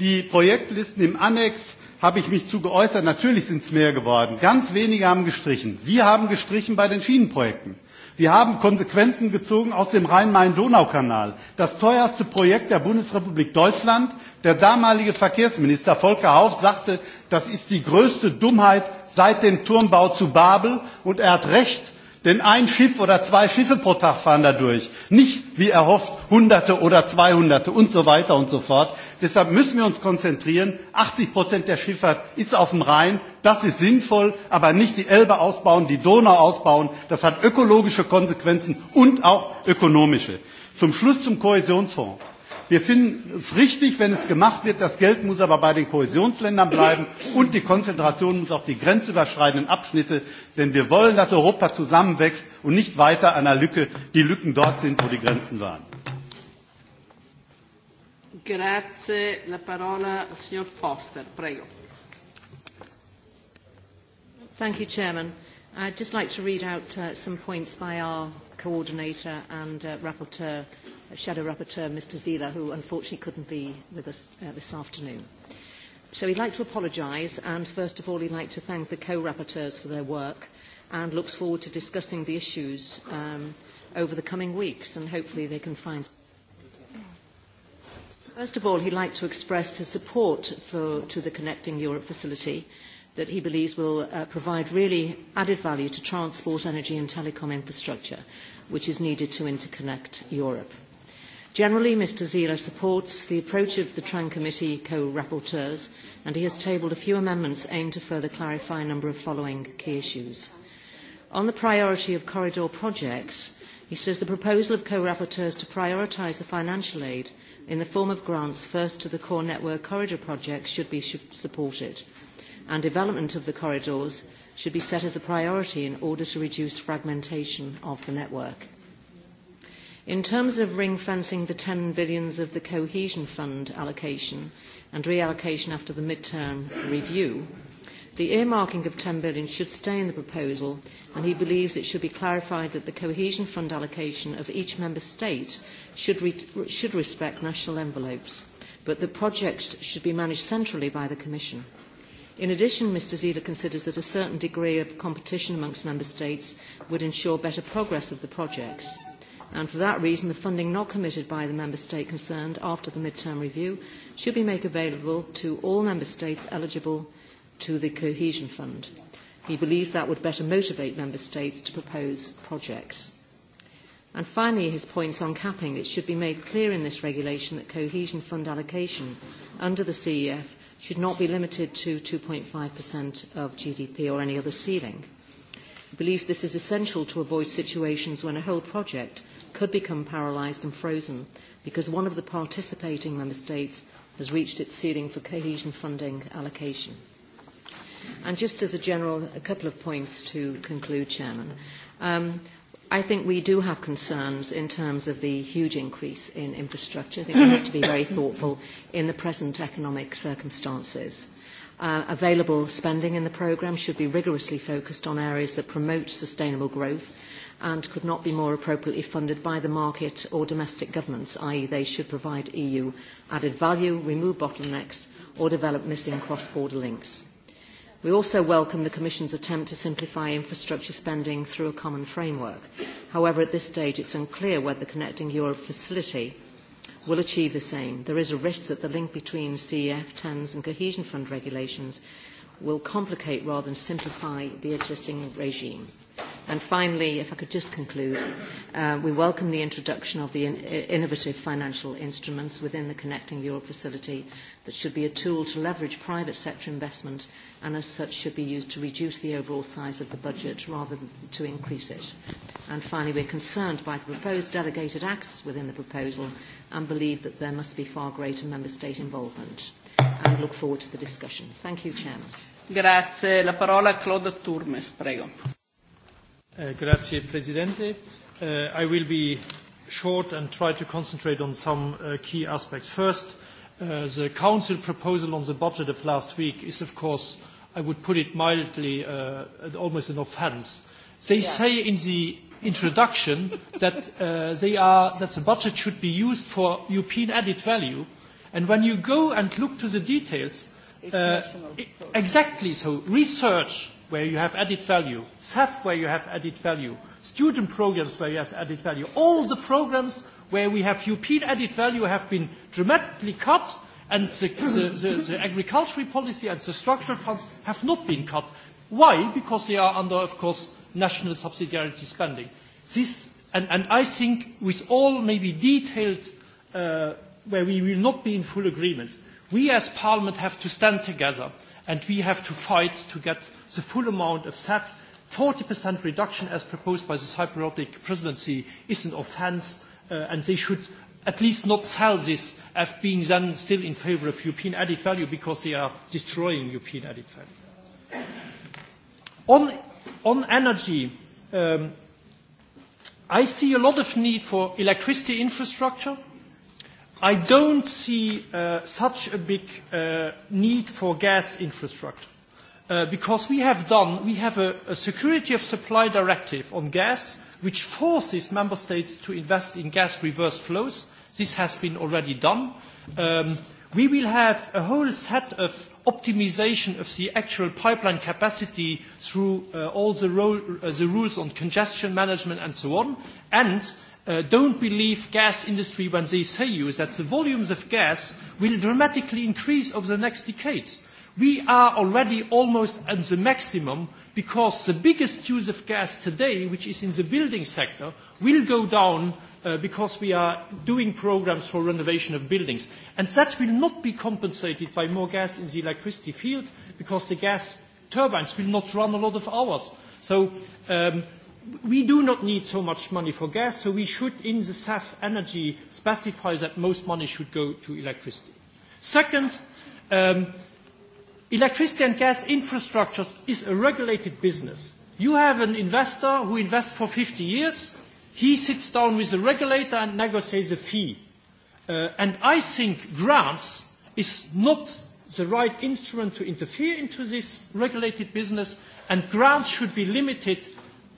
Die Projektlisten im Annex habe ich mich zu geäußert. Natürlich sind es mehr geworden. Ganz wenige haben gestrichen. Wir haben gestrichen bei den Schienenprojekten. Wir haben Konsequenzen gezogen aus dem Rhein-Main-Donau-Kanal. Das teuerste Projekt der Bundesrepublik Deutschland. Der damalige Verkehrsminister Volker Hauf sagte, das ist die größte Dummheit seit dem Turmbau zu Babel. Und er hat recht. Denn ein Schiff oder zwei Schiffe pro Tag fahren da durch. Nicht, wie erhofft, Hunderte oder Zweihunderte und so weiter und so fort. Deshalb müssen wir uns konzentrieren. 80 Prozent der Schifffahrt ist auf dem Rhein. Das ist sinnvoll, aber nicht die Elbe ausbauen, die Donau ausbauen. Das hat ökologische Konsequenzen und auch ökonomische. Zum Schluss zum Kohäsionsfonds. Wir finden es richtig, wenn es gemacht wird. Das Geld muss aber bei den Kohäsionsländern bleiben und die Konzentration muss auf die grenzüberschreitenden Abschnitte, denn wir wollen, dass Europa zusammenwächst und nicht weiter an der Lücke, die Lücken dort sind, wo die Grenzen waren. Grazie, la parola signor Foster, prego. Thank you, Chairman. I'd just like to read out uh, some points by our coordinator and uh, rapporteur Shadow Rapporteur, Mr. Zila, who unfortunately couldn't be with us uh, this afternoon. So he'd like to apologise, and first of all, he'd like to thank the co-rapporteurs for their work and looks forward to discussing the issues um, over the coming weeks, and hopefully they can find... First of all, he'd like to express his support for, to the Connecting Europe facility that he believes will uh, provide really added value to transport, energy and telecom infrastructure, which is needed to interconnect Europe. Generally, Mr Zila supports the approach of the TRAN Committee co-rapporteurs, and he has tabled a few amendments aimed to further clarify a number of following key issues. On the priority of corridor projects, he says the proposal of co-rapporteurs to prioritise the financial aid in the form of grants first to the core network corridor projects should be supported, and development of the corridors should be set as a priority in order to reduce fragmentation of the network. In terms of ring fencing the 10 billions of the cohesion fund allocation and reallocation after the midterm review, the earmarking of 10 billion should stay in the proposal and he believes it should be clarified that the cohesion fund allocation of each member state should, re should respect national envelopes, but the project should be managed centrally by the Commission. In addition, Mr Zila considers that a certain degree of competition amongst member states would ensure better progress of the projects and for that reason the funding not committed by the member state concerned after the mid-term review should be made available to all member states eligible to the cohesion fund. He believes that would better motivate member states to propose projects. And finally, his points on capping. It should be made clear in this regulation that cohesion fund allocation under the CEF should not be limited to 2.5% of GDP or any other ceiling believes this is essential to avoid situations when a whole project could become paralysed and frozen because one of the participating member states has reached its ceiling for cohesion funding allocation. And just as a general, a couple of points to conclude, Chairman. Um, I think we do have concerns in terms of the huge increase in infrastructure. I think we have to be very thoughtful in the present economic circumstances. Uh, available spending in the programme should be rigorously focused on areas that promote sustainable growth and could not be more appropriately funded by the market or domestic governments, i.e. they should provide EU added value, remove bottlenecks or develop missing cross-border links. We also welcome the Commission's attempt to simplify infrastructure spending through a common framework. However, at this stage it is unclear whether the Connecting Europe facility will achieve the same. There is a risk that the link between CEF, TANS and Cohesion Fund regulations will complicate rather than simplify the existing regime. And finally, if I could just conclude, uh, we welcome the introduction of the in uh, innovative financial instruments within the Connecting Europe facility that should be a tool to leverage private sector investment and as such should be used to reduce the overall size of the budget rather than to increase it. And finally, we're concerned by the proposed delegated acts within the proposal and believe that there must be far greater member state involvement and look forward to the discussion. Thank you, Chairman. Grazie. La parola a Claude Turmes, prego. Uh, grazie, Presidente. Uh, I will be short and try to concentrate on some uh, key aspects. First, uh, the Council proposal on the budget of last week is, of course, I would put it mildly, uh, almost an offense. They yeah. say in the introduction that, uh, they are, that the budget should be used for European added value. And when you go and look to the details, uh, e, exactly so, research where you have added value, SAF where you have added value, student programs where you have added value, all the programs where we have European added value have been dramatically cut And the, the, the, the agricultural policy and the structural funds have not been cut. Why? Because they are under, of course, national subsidiarity spending. This, and, and I think with all maybe detailed, uh, where we will not be in full agreement, we as Parliament have to stand together and we have to fight to get the full amount of SAF. 40% reduction as proposed by the Cypriotic presidency is an offence uh, and they should at least not sell this as being then still in favor of European added value because they are destroying European added value. On, on energy, um, I see a lot of need for electricity infrastructure. I don't see uh, such a big uh, need for gas infrastructure uh, because we have done, we have a, a security of supply directive on gas which forces member states to invest in gas reverse flows This has been already done. Um, we will have a whole set of optimization of the actual pipeline capacity through uh, all the, uh, the rules on congestion management and so on. And uh, don't believe gas industry when they say you that the volumes of gas will dramatically increase over the next decades. We are already almost at the maximum because the biggest use of gas today, which is in the building sector, will go down uh, because we are doing programs for renovation of buildings. And that will not be compensated by more gas in the electricity field because the gas turbines will not run a lot of hours. So um, we do not need so much money for gas, so we should, in the SAF energy, specify that most money should go to electricity. Second, um, electricity and gas infrastructures is a regulated business. You have an investor who invests for 50 years, He sits down with the regulator and negotiates a fee. Uh, and I think grants is not the right instrument to interfere into this regulated business, and grants should be limited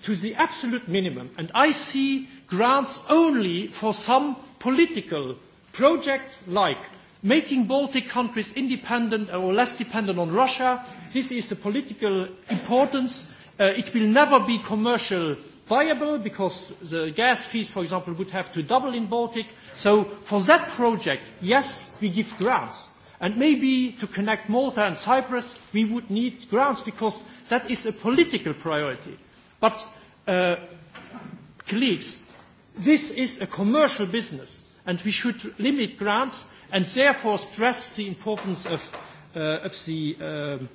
to the absolute minimum. And I see grants only for some political projects like making Baltic countries independent or less dependent on Russia. This is the political importance. Uh, it will never be commercial viable because the gas fees, for example, would have to double in Baltic. So for that project, yes, we give grants. And maybe to connect Malta and Cyprus, we would need grants because that is a political priority. But, uh, colleagues, this is a commercial business and we should limit grants and therefore stress the importance of, uh, of the, um,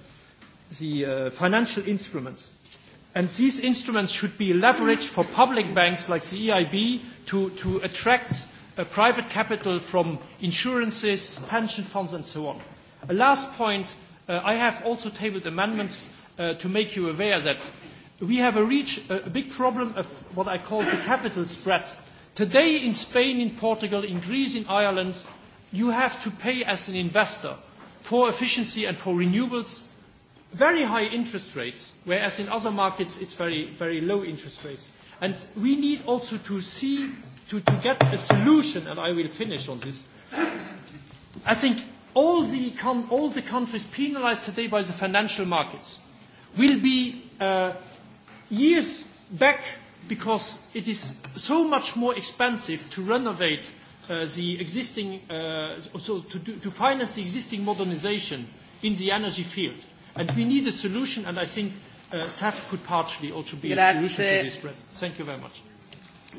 the uh, financial instruments. And these instruments should be leveraged for public banks like the EIB to, to attract uh, private capital from insurances, pension funds, and so on. A last point, uh, I have also tabled amendments uh, to make you aware that we have a, reach, a big problem of what I call the capital spread. Today in Spain, in Portugal, in Greece, in Ireland, you have to pay as an investor for efficiency and for renewables very high interest rates, whereas in other markets it's very, very low interest rates. And we need also to see, to, to get a solution, and I will finish on this. I think all the, all the countries penalized today by the financial markets will be uh, years back because it is so much more expensive to renovate uh, the existing, uh, so to, do, to finance the existing modernization in the energy field And we need a solution, and I think uh, SAF could partially also be Grazie. a solution to this problem. Thank you very much.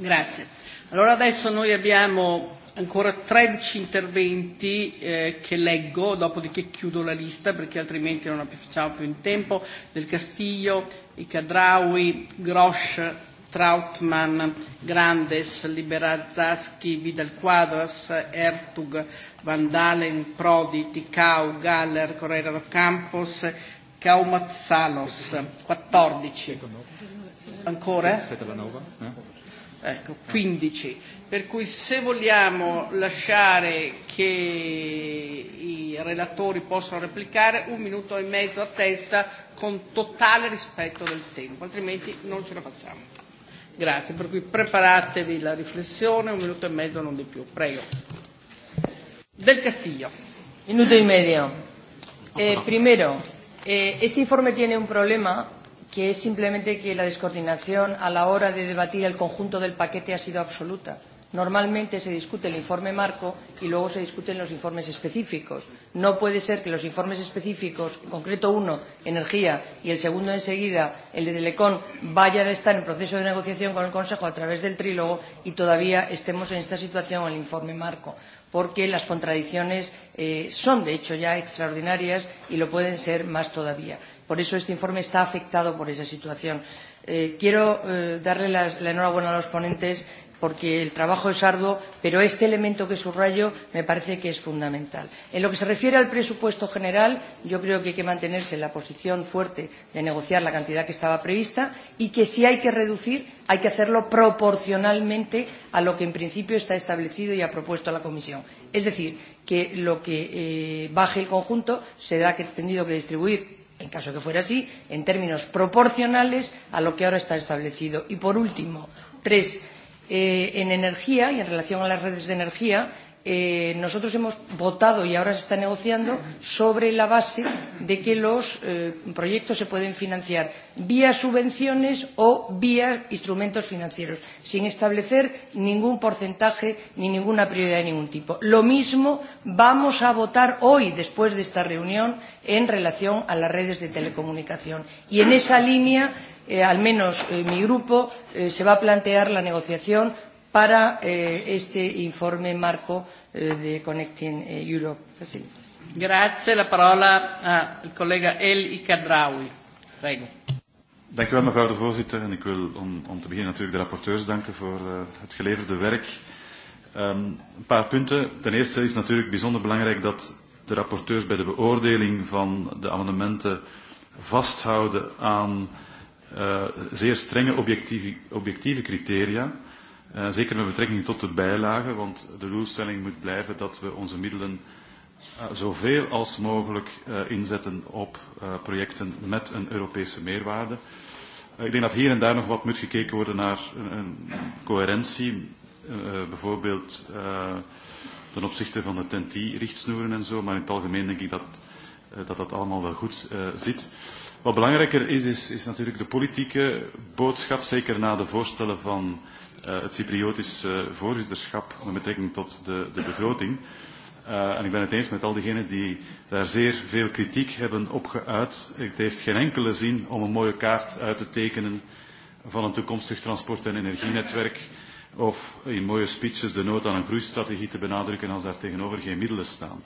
Grazie. Allora adesso noi abbiamo ancora 13 interventi eh, che leggo, dopodiché chiudo la lista perché altrimenti non facciamo più in tempo, del Castiglio, i Cadraui, Grosch, Trautmann, Grandes, Liberazzaschi, Vidal Quadras, Ertug, Vandalen, Prodi, Ticau, Galler, Correra del Campos, Caumazzalos, 14. Ancora? Eh? Ecco, 15. Per cui se vogliamo lasciare che i relatori possano replicare un minuto e mezzo a testa con totale rispetto del tempo, altrimenti non ce la facciamo. Grazie, per cui preparatevi la riflessione, un minuto e mezzo non di più. Prego. Del Castillo, minuto y medio. Ah, eh, primero, eh, este informe tiene un problema que es simplemente que la descoordinación a la hora de debatir el conjunto del paquete ha sido absoluta. Normalmente se discute el informe marco y luego se discuten los informes específicos. No puede ser que los informes específicos, en concreto uno, energía, y el segundo enseguida, el de Telecom, vayan a estar en proceso de negociación con el Consejo a través del trílogo y todavía estemos en esta situación en el informe marco porque las contradicciones eh, son, de hecho, ya extraordinarias y lo pueden ser más todavía. Por eso este informe está afectado por esa situación. Eh, quiero eh, darle las, la enhorabuena a los ponentes porque el trabajo es arduo, pero este elemento que subrayo me parece que es fundamental. En lo que se refiere al presupuesto general, yo creo que hay que mantenerse en la posición fuerte de negociar la cantidad que estaba prevista y que si hay que reducir, hay que hacerlo proporcionalmente a lo que en principio está establecido y ha propuesto la Comisión. Es decir, que lo que eh, baje el conjunto será que tenido que distribuir en caso que fuera así, en términos proporcionales a lo que ahora está establecido. Y por último, tres, eh, en energía y en relación a las redes de energía, eh, nosotros hemos votado y ahora se está negociando sobre la base de que los eh, proyectos se pueden financiar vía subvenciones o vía instrumentos financieros, sin establecer ningún porcentaje ni ninguna prioridad de ningún tipo. Lo mismo vamos a votar hoy, después de esta reunión, en relación a las redes de telecomunicación. Y en esa línea eh, al menos eh, mi grupo, eh, se va a plantear la negociación para eh, este informe marco eh, de Connecting eh, Europe Facilities. Grazie, la parola al ah, collega El Icadraui. Prego. Dank u wel, mevrouw de voorzitter. En ik wil om, om te beginnen natuurlijk de rapporteurs danken voor uh, het geleverde werk. Um, een paar punten. Ten eerste is het natuurlijk bijzonder belangrijk dat de rapporteurs bij de beoordeling van de amendementen vasthouden aan uh, zeer strenge objectieve, objectieve criteria, uh, zeker met betrekking tot de bijlagen, want de doelstelling moet blijven dat we onze middelen uh, zoveel als mogelijk uh, inzetten op uh, projecten met een Europese meerwaarde. Uh, ik denk dat hier en daar nog wat moet gekeken worden naar een, een coherentie, uh, bijvoorbeeld uh, ten opzichte van de TNT-richtsnoeren en zo, maar in het algemeen denk ik dat uh, dat, dat allemaal wel goed uh, zit. Wat belangrijker is, is, is natuurlijk de politieke boodschap, zeker na de voorstellen van uh, het Cypriotisch uh, voorzitterschap met betrekking tot de, de begroting. Uh, en ik ben het eens met al diegenen die daar zeer veel kritiek hebben op geuit. Het heeft geen enkele zin om een mooie kaart uit te tekenen van een toekomstig transport- en energienetwerk of in mooie speeches de nood aan een groeistrategie te benadrukken als daar tegenover geen middelen staan.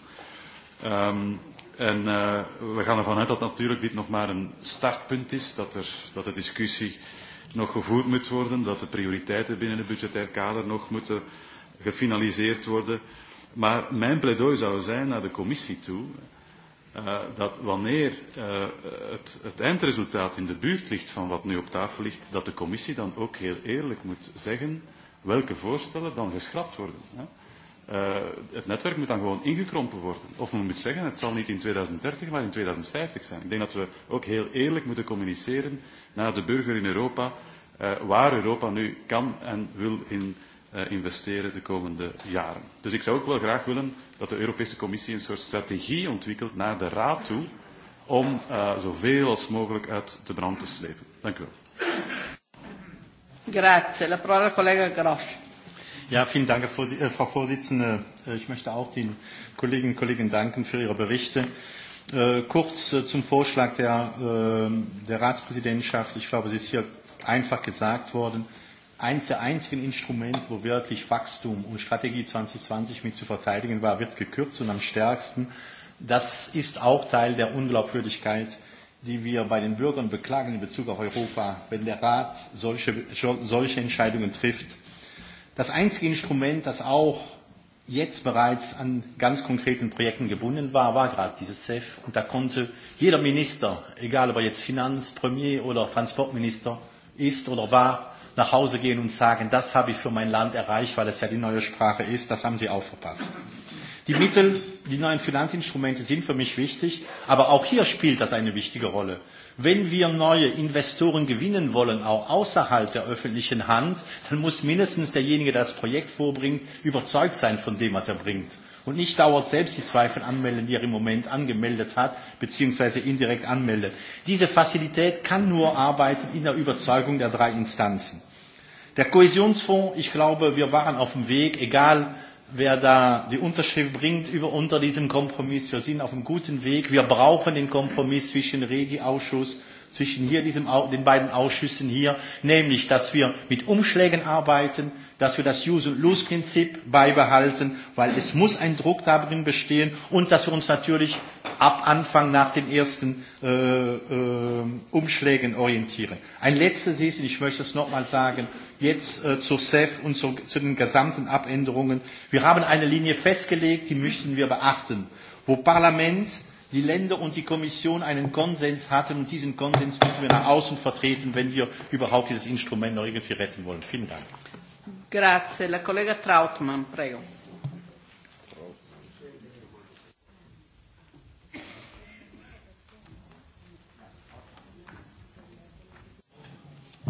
Um, En uh, we gaan ervan uit dat natuurlijk dit nog maar een startpunt is, dat, er, dat de discussie nog gevoerd moet worden, dat de prioriteiten binnen het budgetair kader nog moeten gefinaliseerd worden. Maar mijn pleidooi zou zijn naar de commissie toe, uh, dat wanneer uh, het, het eindresultaat in de buurt ligt van wat nu op tafel ligt, dat de commissie dan ook heel eerlijk moet zeggen welke voorstellen dan geschrapt worden. Hè? Uh, het netwerk moet dan gewoon ingekrompen worden. Of men moet zeggen, het zal niet in 2030, maar in 2050 zijn. Ik denk dat we ook heel eerlijk moeten communiceren naar de burger in Europa, uh, waar Europa nu kan en wil in uh, investeren de komende jaren. Dus ik zou ook wel graag willen dat de Europese Commissie een soort strategie ontwikkelt naar de Raad toe, om uh, zoveel als mogelijk uit de brand te slepen. Dank u wel. Grazie. La parola al collega Grosch. Ja, vielen Dank, äh, Frau Vorsitzende. Äh, ich möchte auch den Kolleginnen und Kollegen danken für ihre Berichte. Äh, kurz zum Vorschlag der, ähm, der Ratspräsidentschaft. Ich glaube, es ist hier einfach gesagt worden, eines der einzigen Instrumente, wo wirklich Wachstum und Strategie 2020 mit zu verteidigen war, wird gekürzt und am stärksten. Das ist auch Teil der Unglaubwürdigkeit, die wir bei den Bürgern beklagen in Bezug auf Europa, wenn der Rat solche, solche Entscheidungen trifft Das einzige Instrument, das auch jetzt bereits an ganz konkreten Projekten gebunden war, war gerade dieses CEF. Und da konnte jeder Minister, egal ob er jetzt Finanz-, Premier- oder Transportminister ist oder war, nach Hause gehen und sagen, das habe ich für mein Land erreicht, weil es ja die neue Sprache ist, das haben sie auch verpasst. Die Mittel, die neuen Finanzinstrumente sind für mich wichtig, aber auch hier spielt das eine wichtige Rolle. Wenn wir neue Investoren gewinnen wollen, auch außerhalb der öffentlichen Hand, dann muss mindestens derjenige, der das Projekt vorbringt, überzeugt sein von dem, was er bringt. Und nicht dauert selbst die Zweifel anmelden, die er im Moment angemeldet hat, beziehungsweise indirekt anmeldet. Diese Fazilität kann nur arbeiten in der Überzeugung der drei Instanzen. Der Kohäsionsfonds, ich glaube, wir waren auf dem Weg, egal wer da die Unterschrift bringt über, unter diesem Kompromiss. Wir sind auf einem guten Weg. Wir brauchen den Kompromiss zwischen Regieausschuss, zwischen hier diesem, den beiden Ausschüssen hier, nämlich, dass wir mit Umschlägen arbeiten, dass wir das use und lose prinzip beibehalten, weil es muss ein Druck darin bestehen und dass wir uns natürlich ab Anfang nach den ersten äh, äh, Umschlägen orientieren. Ein letztes ist, und ich möchte es nochmal sagen, jetzt äh, zur CEF und zu, zu den gesamten Abänderungen. Wir haben eine Linie festgelegt, die müssen wir beachten, wo Parlament, die Länder und die Kommission einen Konsens hatten und diesen Konsens müssen wir nach außen vertreten, wenn wir überhaupt dieses Instrument noch irgendwie retten wollen. Vielen Dank. Grazie. La collega Trautmann, prego.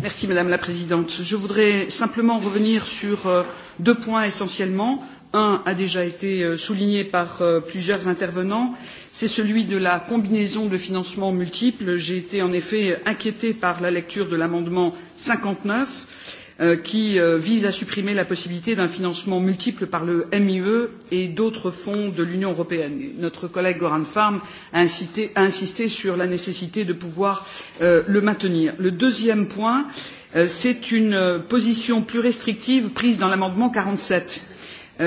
Merci Madame la Présidente. Je voudrais simplement revenir sur euh, deux points essentiellement. Un a déjà été euh, souligné par euh, plusieurs intervenants, c'est celui de la combinaison de financements multiples. J'ai été en effet inquiété par la lecture de l'amendement 59 Euh, qui euh, vise à supprimer la possibilité d'un financement multiple par le MIE et d'autres fonds de l'Union européenne. Notre collègue Goran Farm a, incité, a insisté sur la nécessité de pouvoir euh, le maintenir. Le deuxième point, c'est une position plus restrictive prise dans l'amendement 47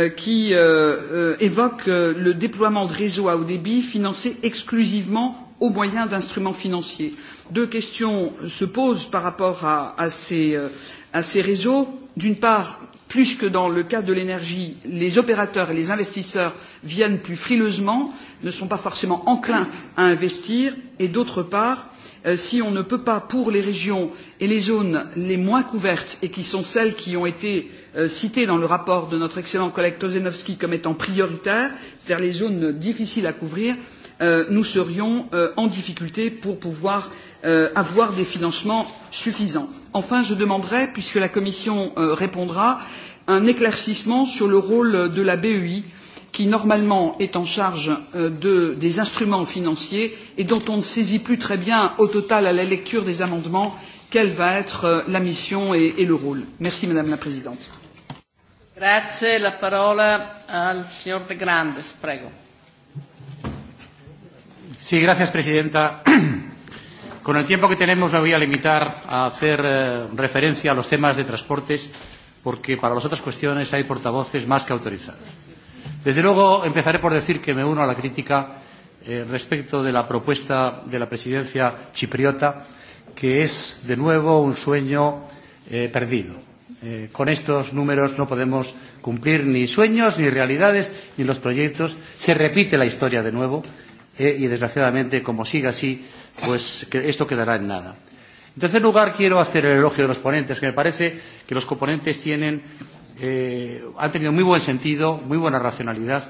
sept, qui évoque le déploiement de réseaux à haut débit financés exclusivement au moyen d'instruments financiers. Deux questions se posent par rapport à, à ces, à ces réseaux, d'une part, plus que dans le cas de l'énergie, les opérateurs et les investisseurs viennent plus frileusement, ne sont pas forcément enclins à investir, et d'autre part, euh, si on ne peut pas, pour les régions et les zones les moins couvertes, et qui sont celles qui ont été euh, citées dans le rapport de notre excellent collègue Tozenowski comme étant prioritaires, c'est-à-dire les zones difficiles à couvrir, euh, Euh, nous serions euh, en difficulté pour pouvoir euh, avoir des financements suffisants. Enfin, je demanderai, puisque la Commission euh, répondra, un éclaircissement sur le rôle de la BEI qui normalement est en charge euh, de, des instruments financiers et dont on ne saisit plus très bien au total à la lecture des amendements quelle va être euh, la mission et, et le rôle. Merci Madame la Présidente. Grazie, la parola al signor De Grandes, prego. Sí, gracias, Presidenta. Con el tiempo que tenemos me voy a limitar a hacer eh, referencia a los temas de transportes porque para las otras cuestiones hay portavoces más que autorizados. Desde luego empezaré por decir que me uno a la crítica eh, respecto de la propuesta de la presidencia chipriota que es de nuevo un sueño eh, perdido. Eh, con estos números no podemos cumplir ni sueños, ni realidades, ni los proyectos. Se repite la historia de nuevo eh, y desgraciadamente, como siga así, pues que esto quedará en nada. En tercer lugar, quiero hacer el elogio de los ponentes, que me parece que los componentes tienen, eh, han tenido muy buen sentido, muy buena racionalidad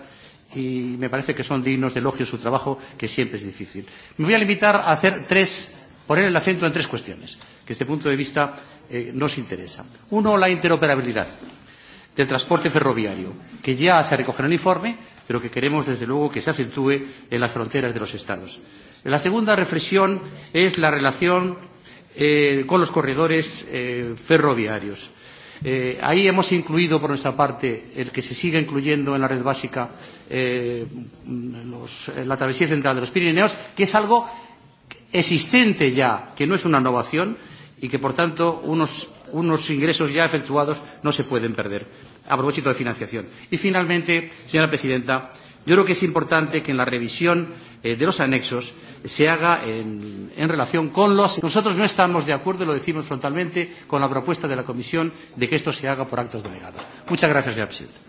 y me parece que son dignos de elogio su trabajo, que siempre es difícil. Me voy a limitar a hacer tres, poner el acento en tres cuestiones que desde el punto de vista eh, nos interesa. Uno, la interoperabilidad del transporte ferroviario, que ya se recoge en el informe, pero que queremos desde luego que se acentúe en las fronteras de los Estados. La segunda reflexión es la relación eh, con los corredores eh, ferroviarios. Eh, ahí hemos incluido por nuestra parte el que se siga incluyendo en la red básica eh, los, eh, la travesía central de los Pirineos, que es algo existente ya, que no es una innovación y que por tanto unos unos ingresos ya efectuados no se pueden perder, a propósito de financiación. Y finalmente, señora presidenta, yo creo que es importante que en la revisión eh, de los anexos se haga en, en relación con los... Nosotros no estamos de acuerdo, lo decimos frontalmente, con la propuesta de la Comisión de que esto se haga por actos delegados. Muchas gracias, señora presidenta.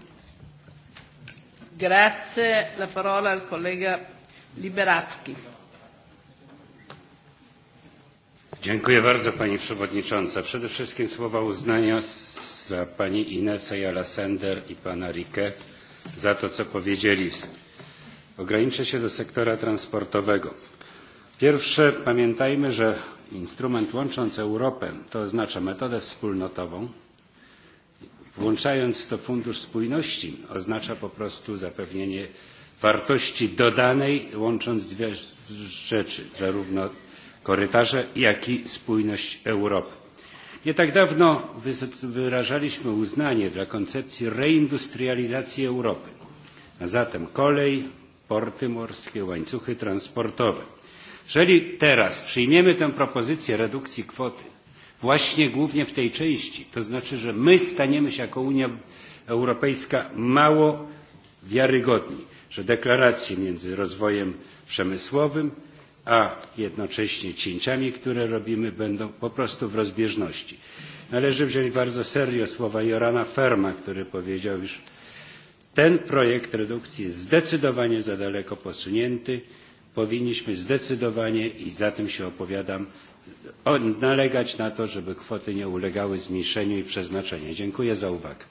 Grazie. La parola al collega Liberazzi. Dziękuję bardzo Pani Przewodnicząca. Przede wszystkim słowa uznania dla Pani Inesa Ayala Sender i Pana Rike za to, co powiedzieli. Ograniczę się do sektora transportowego. Pierwsze, pamiętajmy, że instrument łącząc Europę to oznacza metodę wspólnotową. Włączając to Fundusz Spójności oznacza po prostu zapewnienie wartości dodanej, łącząc dwie rzeczy, zarówno korytarze, jak i spójność Europy. Nie tak dawno wyrażaliśmy uznanie dla koncepcji reindustrializacji Europy, a zatem kolej, porty morskie, łańcuchy transportowe. Jeżeli teraz przyjmiemy tę propozycję redukcji kwoty, właśnie głównie w tej części, to znaczy, że my staniemy się jako Unia Europejska mało wiarygodni, że deklaracje między rozwojem przemysłowym, a jednocześnie cięciami, które robimy, będą po prostu w rozbieżności. Należy wziąć bardzo serio słowa Jorana Ferma, który powiedział, iż ten projekt redukcji jest zdecydowanie za daleko posunięty. Powinniśmy zdecydowanie, i za tym się opowiadam, nalegać na to, żeby kwoty nie ulegały zmniejszeniu i przeznaczeniu. Dziękuję za uwagę.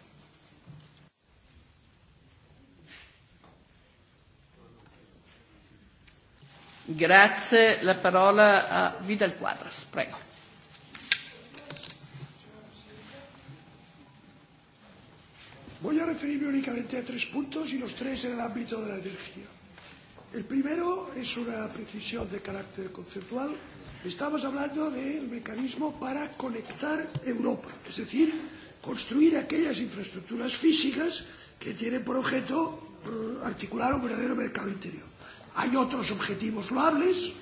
Grazie, la parola a Vidal Quadras, prego. Voy a referirme únicamente a tres puntos y los tres en el ámbito de la energía. El primero es una precisión de carácter conceptual. Estamos hablando del mecanismo para conectar Europa, es decir, construir aquellas infraestructuras físicas que tienen por objeto eh, articular un verdadero mercado interior. Hay otros objetivos loables,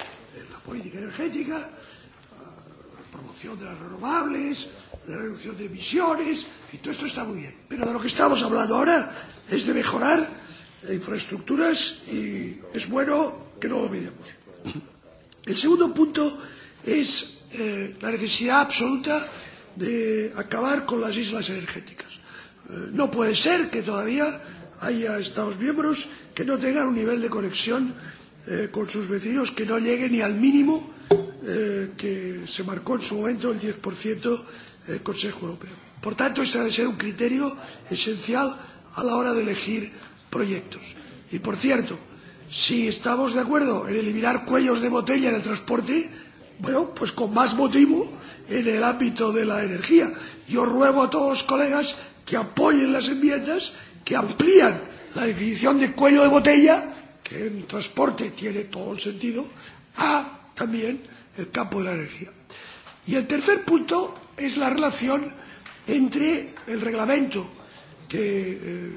la política energética, la promoción de las renovables, la reducción de emisiones, y todo esto está muy bien. Pero de lo que estamos hablando ahora es de mejorar infraestructuras y es bueno que no lo olvidemos. El segundo punto es eh, la necesidad absoluta de acabar con las islas energéticas. Eh, no puede ser que todavía haya Estados miembros que no tengan un nivel de conexión eh, con sus vecinos que no llegue ni al mínimo eh, que se marcó en su momento el 10% del eh, Consejo Europeo. Por tanto, ese ha de ser un criterio esencial a la hora de elegir proyectos. Y por cierto, si estamos de acuerdo en eliminar cuellos de botella en el transporte, bueno, pues con más motivo en el ámbito de la energía. Yo ruego a todos los colegas que apoyen las enmiendas que amplían la definición de cuello de botella, que en transporte tiene todo el sentido, a también el campo de la energía. Y el tercer punto es la relación entre el reglamento que eh,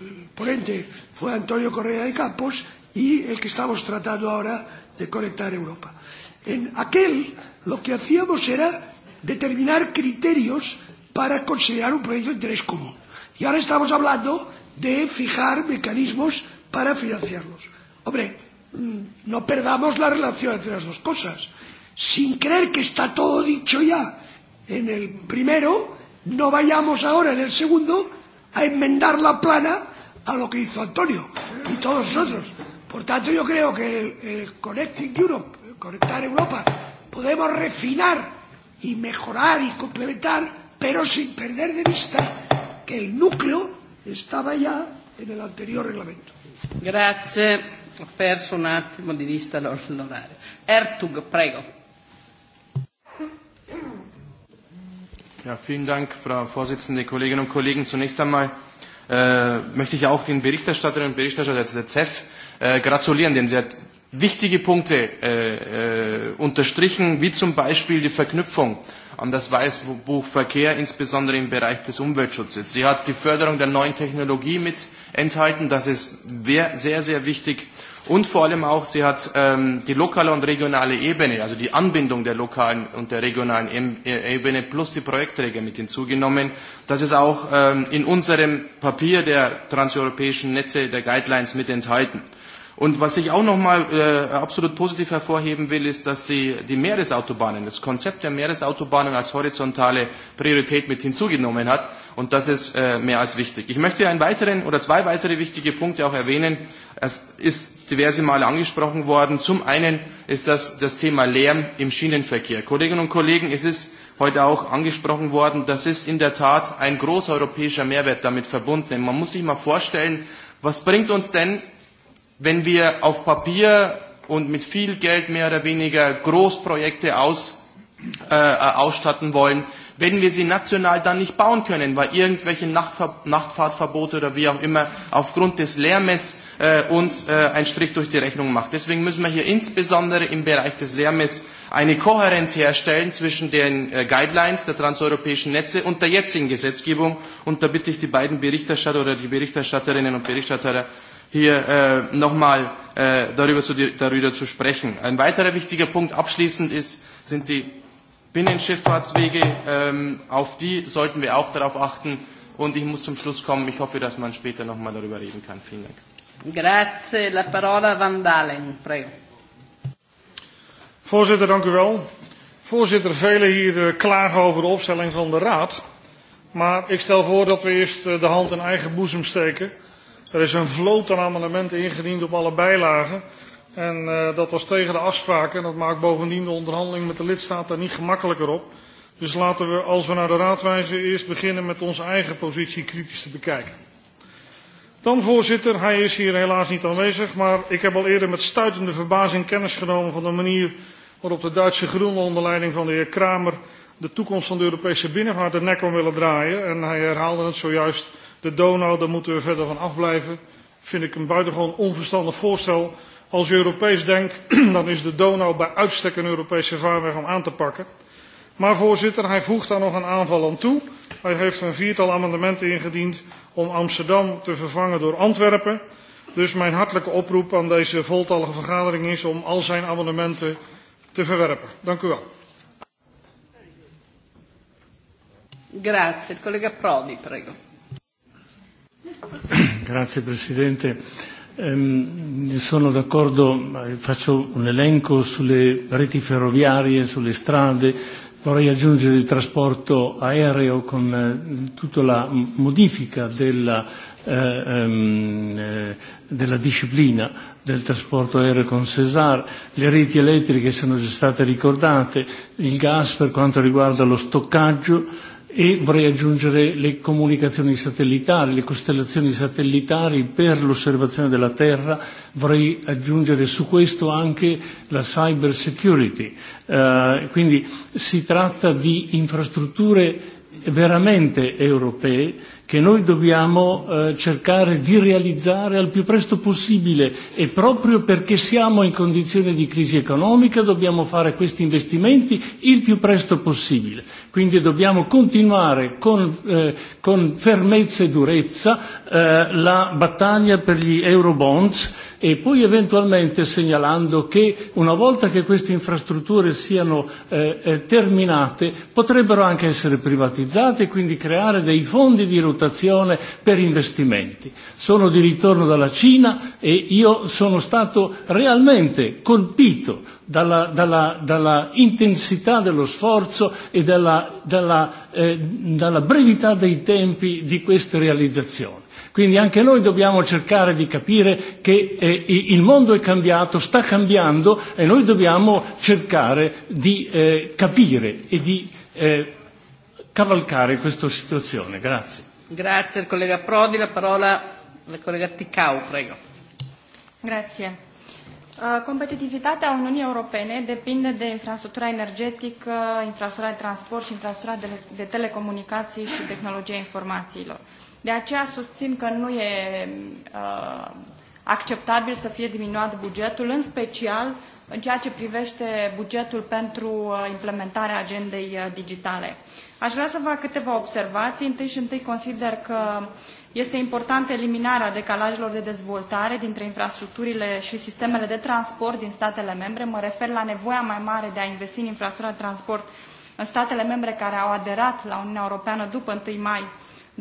el ponente fue Antonio Correa de Campos y el que estamos tratando ahora de conectar Europa. En aquel lo que hacíamos era determinar criterios para considerar un proyecto de interés común. Y ahora estamos hablando de fijar mecanismos para financiarlos. Hombre, mm, no perdamos la relación entre las dos cosas. Sin creer que está todo dicho ya en el primero, no vayamos ahora en el segundo a enmendar la plana a lo que hizo Antonio y todos nosotros. Por tanto, yo creo que el, el Connecting Europe, el Conectar Europa, podemos refinar y mejorar y complementar, pero sin perder de vista che il nucleo stava già en regolamento. Grazie. Ho perso un attimo di vista l'orario. Ertug, prego. Ja, vielen Dank, Frau Vorsitzende, Kolleginnen und Kollegen. Zunächst einmal äh, möchte ich auch den Berichterstatterinnen und Berichterstatter der CEF äh, gratulieren, denn sie hat wichtige Punkte äh, äh, unterstrichen, wie zum Beispiel die Verknüpfung an das Weißbuch Verkehr, insbesondere im Bereich des Umweltschutzes. Sie hat die Förderung der neuen Technologie mit enthalten, das ist sehr, sehr wichtig. Und vor allem auch, sie hat ähm, die lokale und regionale Ebene, also die Anbindung der lokalen und der regionalen e-, Ebene plus die Projektträger mit hinzugenommen. Das ist auch ähm, in unserem Papier der transeuropäischen Netze, der Guidelines mit enthalten. Und was ich auch nochmal äh, absolut positiv hervorheben will, ist, dass Sie die Meeresautobahnen, das Konzept der Meeresautobahnen als horizontale Priorität mit hinzugenommen hat. Und das ist äh, mehr als wichtig. Ich möchte einen weiteren oder zwei weitere wichtige Punkte auch erwähnen. Es ist diverse Male angesprochen worden. Zum einen ist das das Thema Lärm im Schienenverkehr. Kolleginnen und Kollegen, es ist heute auch angesprochen worden, das ist in der Tat ein großer europäischer Mehrwert damit verbunden. Man muss sich mal vorstellen, was bringt uns denn wenn wir auf Papier und mit viel Geld mehr oder weniger Großprojekte aus, äh, äh, ausstatten wollen, wenn wir sie national dann nicht bauen können, weil irgendwelche Nachtver Nachtfahrtverbote oder wie auch immer aufgrund des Lärmes äh, uns äh, einen Strich durch die Rechnung macht. Deswegen müssen wir hier insbesondere im Bereich des Lärmes eine Kohärenz herstellen zwischen den äh, Guidelines der transeuropäischen Netze und der jetzigen Gesetzgebung. Und da bitte ich die beiden Berichterstatter oder die Berichterstatterinnen und Berichterstatter hier äh, nochmal äh, darüber, zu, darüber zu sprechen. Ein weiterer wichtiger Punkt abschließend ist, sind die Binnenschifffahrtswege. Ähm, auf die sollten wir auch darauf achten. Und ich muss zum Schluss kommen. Ich hoffe, dass man später nochmal darüber reden kann. Vielen Dank. Grazie. La parola Van Dalen, prego. Voorzitter, dank u wel. Voorzitter, velen hier eh, klagen over de opstelling van de Raad. Maar ik stel voor dat we eerst eh, de hand in eigen boezem steken Er is een vloot aan amendementen ingediend op alle bijlagen. En uh, dat was tegen de afspraken. En dat maakt bovendien de onderhandeling met de lidstaat daar niet gemakkelijker op. Dus laten we, als we naar de raad wijzen, eerst beginnen met onze eigen positie kritisch te bekijken. Dan, voorzitter, hij is hier helaas niet aanwezig, maar ik heb al eerder met stuitende verbazing kennis genomen van de manier waarop de Duitse groene onder leiding van de heer Kramer de toekomst van de Europese binnenvaart de nek om willen draaien. En hij herhaalde het zojuist de Donau, daar moeten we verder van afblijven. Vind ik een buitengewoon onverstandig voorstel. Als je Europees denkt, dan is de Donau bij uitstek een Europese vaarweg om aan te pakken. Maar voorzitter, hij voegt daar nog een aanval aan toe. Hij heeft een viertal amendementen ingediend om Amsterdam te vervangen door Antwerpen. Dus mijn hartelijke oproep aan deze voltallige vergadering is om al zijn amendementen te verwerpen. Dank u wel. Grazie. Il collega Prodi, prego. Grazie Presidente. Ehm, sono d'accordo, faccio un elenco sulle reti ferroviarie, sulle strade, vorrei aggiungere il trasporto aereo con eh, tutta la modifica della, eh, ehm, eh, della disciplina del trasporto aereo con Cesar, le reti elettriche sono già state ricordate, il gas per quanto riguarda lo stoccaggio, e vorrei aggiungere le comunicazioni satellitari, le costellazioni satellitari per l'osservazione della Terra, vorrei aggiungere su questo anche la cyber security. Eh, quindi si tratta di infrastrutture veramente europee che noi dobbiamo eh, cercare di realizzare al più presto possibile e proprio perché siamo in condizione di crisi economica dobbiamo fare questi investimenti il più presto possibile. Quindi dobbiamo continuare con, eh, con fermezza e durezza eh, la battaglia per gli Eurobonds e poi eventualmente segnalando che una volta che queste infrastrutture siano eh, eh, terminate potrebbero anche essere privatizzate e quindi creare dei fondi di rotazione per investimenti. Sono di ritorno dalla Cina e io sono stato realmente colpito dalla, dalla, dalla intensità dello sforzo e dalla, dalla, eh, dalla brevità dei tempi di queste realizzazioni. Quindi anche noi dobbiamo cercare di capire che eh, il mondo è cambiato, sta cambiando e noi dobbiamo cercare di eh, capire e di eh, cavalcare questa situazione. Grazie. Grazie al collega Prodi, la parola al collega Ticau, prego. Grazie. Eh, Competitivitatea Uniunii Europene depinde de infrastructura energetică, eh, infrastructura de transport și infrastructura de telecomunicații și tehnologia informațiilor. De aceea susțin că nu e uh, acceptabil să fie diminuat bugetul, în special în ceea ce privește bugetul pentru uh, implementarea agendei uh, digitale. Aș vrea să fac câteva observații. Întâi și întâi consider că este importantă eliminarea decalajelor de dezvoltare dintre infrastructurile și sistemele de transport din statele membre. Mă refer la nevoia mai mare de a investi în infrastructura de transport în statele membre care au aderat la Uniunea Europeană după 1 mai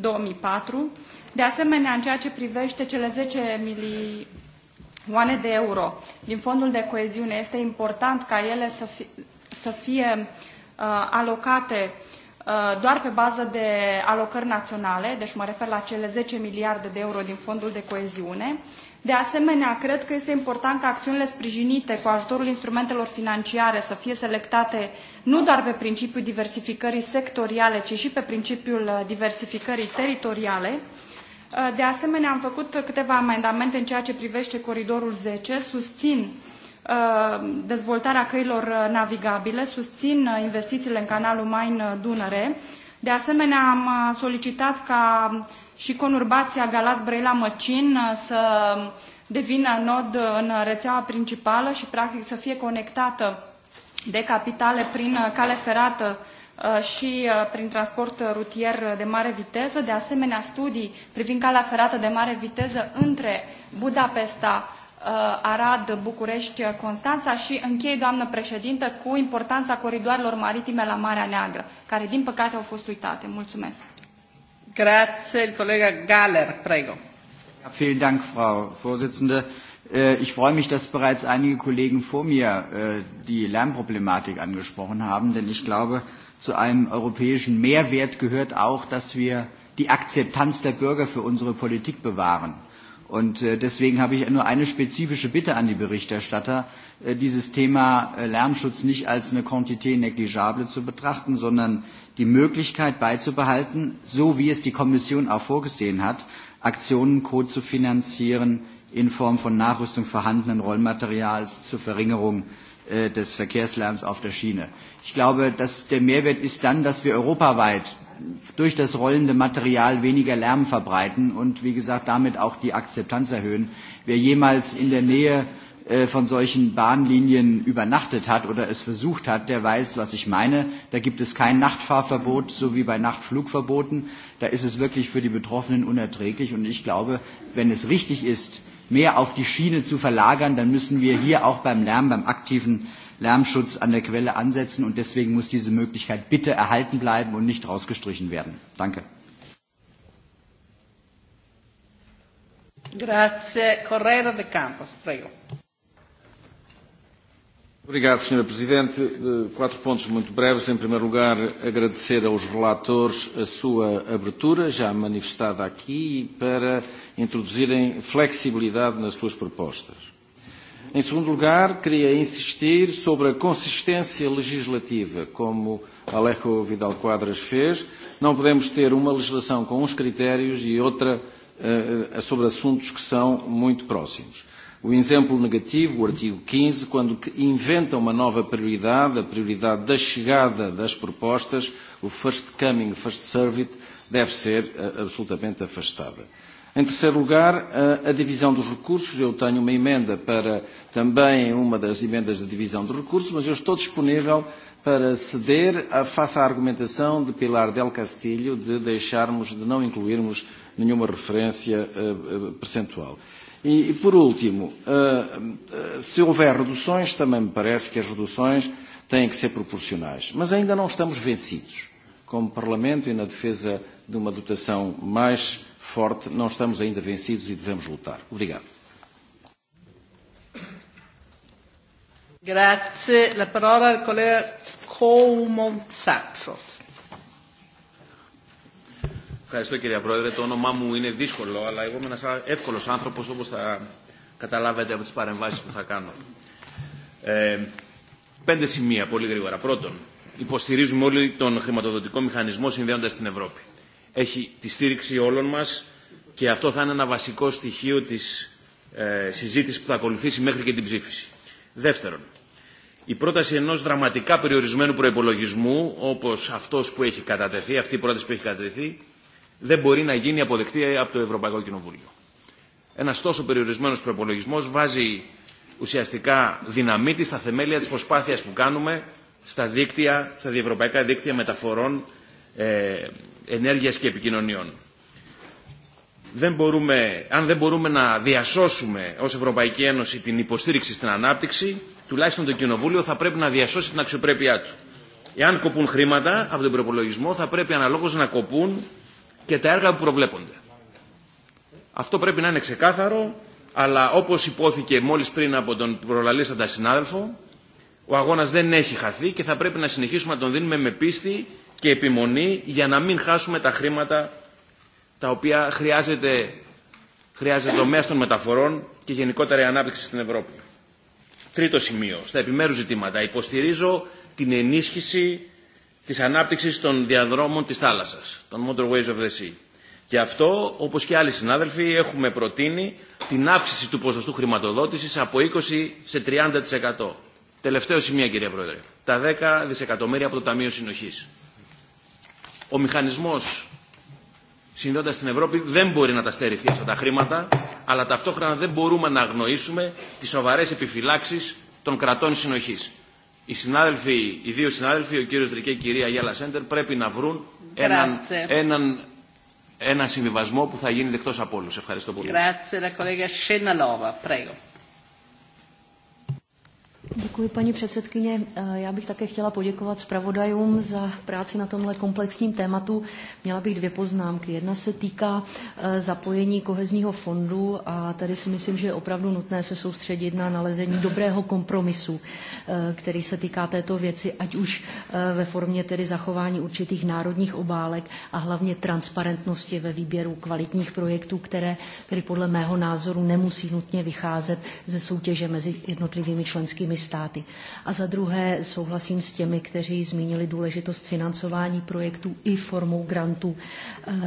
2004. De asemenea, în ceea ce privește cele 10 milioane de euro din fondul de coeziune, este important ca ele să, fi, să fie uh, alocate uh, doar pe bază de alocări naționale, deci mă refer la cele 10 miliarde de euro din fondul de coeziune, uh, De asemenea, cred că este important ca acțiunile sprijinite cu ajutorul instrumentelor financiare să fie selectate nu doar pe principiul diversificării sectoriale, ci și pe principiul uh, diversificării teritoriale. Uh, de asemenea, am făcut câteva amendamente în ceea ce privește coridorul 10, susțin uh, dezvoltarea căilor navigabile, susțin investițiile în canalul Main-Dunăre. De asemenea, am solicitat ca și conurbația Galați-Brăila-Măcin uh, să devină nod în rețeaua principală și practic să fie conectată de capitale prin uh, cale ferată uh, și prin transport rutier de mare viteză, de asemenea studii privind calea ferată de mare viteză între Budapesta, Arad, București, Constanța și închei, doamnă președintă, cu importanța coridoarelor maritime la Marea Neagră, care din păcate au fost uitate. Mulțumesc! Grazie, il collega Galler, prego. Ja, vielen Dank, Frau Vorsitzende. Äh, ich freue mich, dass bereits einige Kollegen vor mir äh, die Lärmproblematik angesprochen haben, denn ich glaube, zu einem europäischen Mehrwert gehört auch, dass wir die Akzeptanz der Bürger für unsere Politik bewahren. Und äh, deswegen habe ich nur eine spezifische Bitte an die Berichterstatter, dieses Thema Lärmschutz nicht als eine Quantité negligible zu betrachten, sondern die Möglichkeit beizubehalten, so wie es die Kommission auch vorgesehen hat, Aktionen finanzieren in Form von Nachrüstung vorhandenen Rollmaterials zur Verringerung äh, des Verkehrslärms auf der Schiene. Ich glaube, dass der Mehrwert ist dann, dass wir europaweit durch das rollende Material weniger Lärm verbreiten und, wie gesagt, damit auch die Akzeptanz erhöhen. Wer jemals in der Nähe Äh, von solchen Bahnlinien übernachtet hat oder es versucht hat, der weiß, was ich meine. Da gibt es kein Nachtfahrverbot, so wie bei Nachtflugverboten. Da ist es wirklich für die Betroffenen unerträglich. Und ich glaube, wenn es richtig ist, mehr auf die Schiene zu verlagern, dann müssen wir hier auch beim Lärm, beim aktiven Lärmschutz an der Quelle ansetzen. Und deswegen muss diese Möglichkeit bitte erhalten bleiben und nicht rausgestrichen werden. Danke. Grazie. Correra de Campos, prego. Obrigado, Sr. Presidente. Eh, quatro pontos muito breves. Em primeiro lugar, agradecer aos relatores a sua abertura, já manifestada aqui, para introduzirem flexibilidade nas suas propostas. Em segundo lugar, queria insistir sobre a consistência legislativa, como Alejo Vidal Quadras fez. Não podemos ter uma legislação com uns critérios e outra uh, sobre assuntos que são muito próximos. O exemplo negativo, o artigo 15, quando inventa uma nova prioridade, a prioridade da chegada das propostas, o first coming, first served, deve ser eh, absolutamente afastada. Em terceiro lugar, a divisão dos recursos. Eu tenho uma emenda para também uma das emendas da divisão de recursos, mas eu estou disponível para ceder a, face à argumentação de Pilar del Castilho de deixarmos, de não incluirmos nenhuma referência eh, eh, percentual. E, e por último, uh, se houver reduções, também me parece que as reduções têm que ser proporcionais. Mas ainda não estamos vencidos. Como Parlamento e na defesa de uma dotação mais forte, não estamos ainda vencidos e devemos lutar. Obrigado. Grazie. La parola al collega Coumontsazzo. Ευχαριστώ κύριε Πρόεδρε. Το όνομά μου είναι δύσκολο, αλλά εγώ είμαι ένα εύκολο άνθρωπο όπω θα καταλάβετε από τι παρεμβάσει που θα κάνω. Ε, πέντε σημεία πολύ γρήγορα. Πρώτον, υποστηρίζουμε όλοι τον χρηματοδοτικό μηχανισμό συνδέοντα την Ευρώπη. Έχει τη στήριξη όλων μα και αυτό θα είναι ένα βασικό στοιχείο τη ε, συζήτηση που θα ακολουθήσει μέχρι και την ψήφιση. Δεύτερον, η πρόταση ενό δραματικά περιορισμένου προπολογισμού, όπω αυτό που έχει κατατεθεί, αυτή η πρόταση που έχει κατατεθεί, δεν μπορεί να γίνει αποδεκτή από το Ευρωπαϊκό Κοινοβούλιο. Ένα τόσο περιορισμένο προπολογισμό βάζει ουσιαστικά δυναμίτη στα θεμέλια τη προσπάθεια που κάνουμε στα, δίκτυα, στα διευρωπαϊκά δίκτυα μεταφορών ε, ενέργεια και επικοινωνιών. Δεν μπορούμε, αν δεν μπορούμε να διασώσουμε ως Ευρωπαϊκή Ένωση την υποστήριξη στην ανάπτυξη, τουλάχιστον το Κοινοβούλιο θα πρέπει να διασώσει την αξιοπρέπειά του. Εάν κοπούν χρήματα από τον προπολογισμό, θα πρέπει αναλόγως να κοπούν και τα έργα που προβλέπονται. Αυτό πρέπει να είναι ξεκάθαρο, αλλά όπως υπόθηκε μόλις πριν από τον προλαλήσαντα συνάδελφο, ο αγώνας δεν έχει χαθεί και θα πρέπει να συνεχίσουμε να τον δίνουμε με πίστη και επιμονή για να μην χάσουμε τα χρήματα τα οποία χρειάζεται, χρειάζεται μέσο των μεταφορών και γενικότερα η ανάπτυξη στην Ευρώπη. Τρίτο σημείο, στα επιμέρους ζητήματα. Υποστηρίζω την ενίσχυση της ανάπτυξης των διαδρόμων της θάλασσας, των motorways of the sea. Και αυτό, όπως και άλλοι συνάδελφοι, έχουμε προτείνει την αύξηση του ποσοστού χρηματοδότησης από 20 σε 30%. Τελευταίο σημείο, κύριε Πρόεδρε. Τα 10 δισεκατομμύρια από το Ταμείο Συνοχής. Ο μηχανισμός συνδέοντας στην Ευρώπη δεν μπορεί να τα στερηθεί αυτά τα χρήματα, αλλά ταυτόχρονα δεν μπορούμε να αγνοήσουμε τις σοβαρές επιφυλάξεις των κρατών συνοχής οι συνάδελφοι, οι δύο συνάδελφοι, ο κύριος Δρικέ και η κυρία Γιάλα Σέντερ, πρέπει να βρουν έναν, έναν, έναν συμβιβασμό που θα γίνει δεκτός από όλους. Ευχαριστώ πολύ. Grazie, la collega Scenalova, prego. Děkuji, paní předsedkyně. Eh, já bych také chtěla poděkovat zpravodajům za práci na tomhle komplexním tématu. Měla bych dvě poznámky. Jedna se týká eh, zapojení kohezního fondu a tady si myslím, že je opravdu nutné se soustředit na nalezení dobrého kompromisu, eh, který se týká této věci, ať už ve formě tedy zachování určitých národních obálek a hlavně transparentnosti ve výběru kvalitních projektů, které tedy podle mého názoru nemusí nutně vycházet ze soutěže mezi jednotlivými členskými státy. A za druhé souhlasím s těmi, kteří zmínili důležitost financování projektů i formou grantů,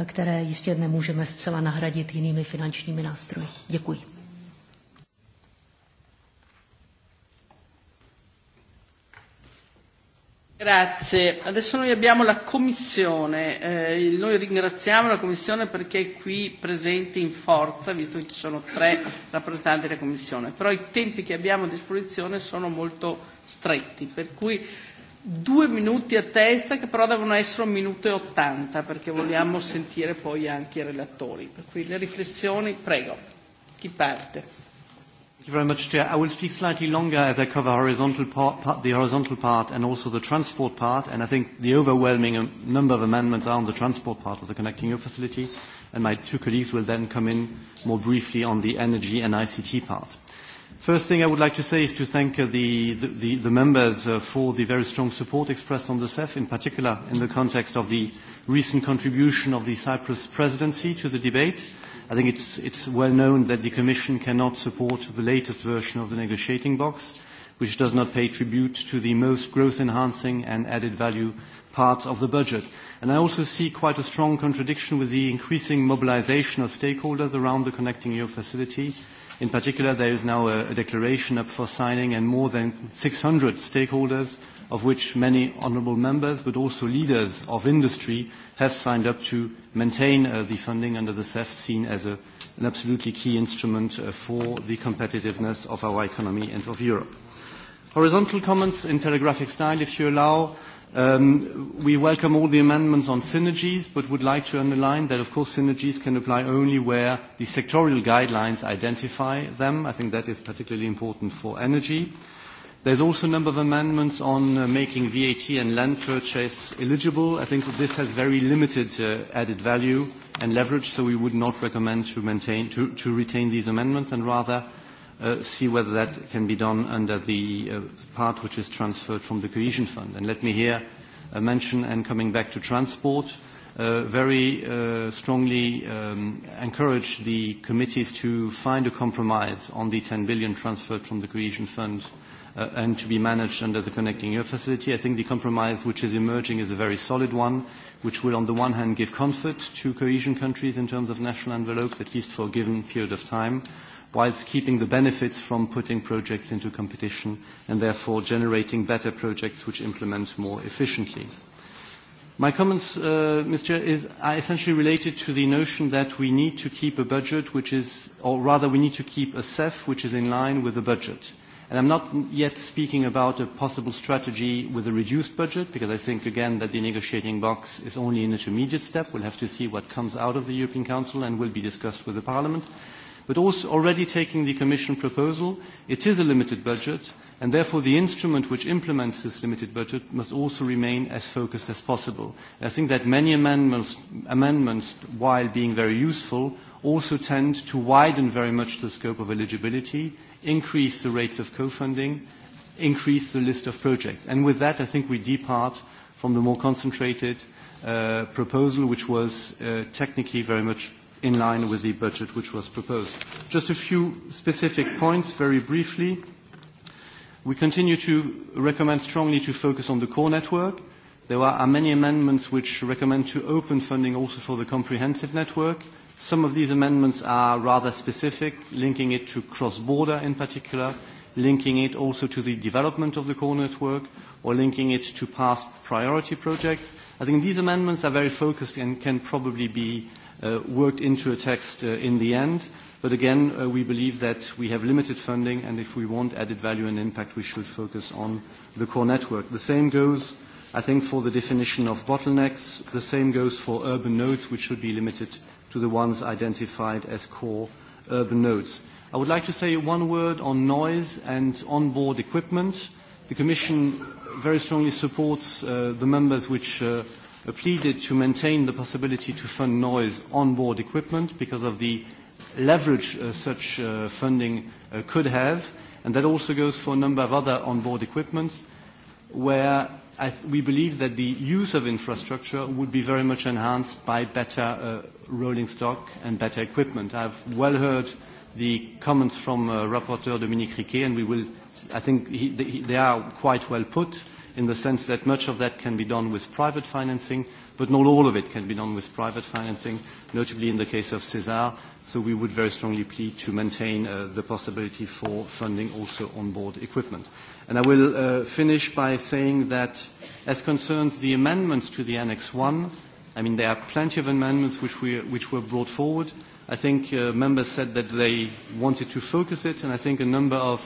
eh, které jistě nemůžeme zcela nahradit jinými finančními nástroji. Děkuji. Grazie. Adesso noi abbiamo la Commissione. Eh, noi ringraziamo la Commissione perché è qui presente in forza, visto che ci sono tre rappresentanti della Commissione. Però i tempi che abbiamo a disposizione sono molto stretti, per cui due minuti a testa che però devono essere un minuto e ottanta perché vogliamo sentire poi anche i relatori. Per cui le riflessioni, prego. Chi parte? Thank you very much, Chair. I will speak slightly longer as I cover horizontal part, part, the horizontal part and also the transport part, and I think the overwhelming number of amendments are on the transport part of the Connecting Europe Facility, and my two colleagues will then come in more briefly on the energy and ICT part. First thing I would like to say is to thank uh, the, the, the members uh, for the very strong support expressed on the CEF, in particular in the context of the recent contribution of the Cyprus presidency to the debate I think it's, it's well known that the Commission cannot support the latest version of the negotiating box, which does not pay tribute to the most growth-enhancing and added value parts of the budget. And I also see quite a strong contradiction with the increasing mobilization of stakeholders around the Connecting Europe facility, In particular, there is now a, a declaration up for signing and more than 600 stakeholders, of which many honourable members, but also leaders of industry, have signed up to maintain uh, the funding under the CEF seen as a, an absolutely key instrument uh, for the competitiveness of our economy and of Europe. Horizontal comments in telegraphic style, if you allow. Um, we welcome all the amendments on synergies, but would like to underline that, of course, synergies can apply only where the sectorial guidelines identify them. I think that is particularly important for energy. There's also a number of amendments on uh, making VAT and land purchase eligible. I think that this has very limited uh, added value and leverage, so we would not recommend to, maintain, to, to retain these amendments and rather uh, see whether that can be done under the uh, part which is transferred from the cohesion fund. And let me here uh, mention, and coming back to transport, uh, very uh, strongly um, encourage the committees to find a compromise on the 10 billion transferred from the cohesion fund uh, and to be managed under the Connecting Europe Facility. I think the compromise which is emerging is a very solid one, which will on the one hand give comfort to cohesion countries in terms of national envelopes, at least for a given period of time, whilst keeping the benefits from putting projects into competition and therefore generating better projects which implement more efficiently. My comments, uh, Mr. Chair, is, are essentially related to the notion that we need to keep a budget which is, or rather we need to keep a CEF which is in line with the budget. And I'm not yet speaking about a possible strategy with a reduced budget, because I think, again, that the negotiating box is only an intermediate step. We'll have to see what comes out of the European Council and will be discussed with the Parliament but also already taking the Commission proposal, it is a limited budget, and therefore the instrument which implements this limited budget must also remain as focused as possible. I think that many amendments, amendments while being very useful, also tend to widen very much the scope of eligibility, increase the rates of co-funding, increase the list of projects. And with that, I think we depart from the more concentrated uh, proposal, which was uh, technically very much in line with the budget which was proposed. Just a few specific points very briefly. We continue to recommend strongly to focus on the core network. There are many amendments which recommend to open funding also for the comprehensive network. Some of these amendments are rather specific, linking it to cross-border in particular, linking it also to the development of the core network, or linking it to past priority projects. I think these amendments are very focused and can probably be uh, worked into a text uh, in the end. But again, uh, we believe that we have limited funding, and if we want added value and impact, we should focus on the core network. The same goes, I think, for the definition of bottlenecks. The same goes for urban nodes, which should be limited to the ones identified as core urban nodes. I would like to say one word on noise and onboard equipment. The Commission very strongly supports uh, the members which uh, Uh, pleaded to maintain the possibility to fund noise on board equipment because of the leverage uh, such uh, funding uh, could have. And that also goes for a number of other onboard equipments where I th we believe that the use of infrastructure would be very much enhanced by better uh, rolling stock and better equipment. I've well heard the comments from uh, Rapporteur Dominique Riquet, and we will, I think he, they are quite well put in the sense that much of that can be done with private financing, but not all of it can be done with private financing, notably in the case of CESAR. So we would very strongly plead to maintain uh, the possibility for funding also on board equipment. And I will uh, finish by saying that as concerns the amendments to the Annex 1, I mean, there are plenty of amendments which, we, which were brought forward. I think uh, members said that they wanted to focus it, and I think a number of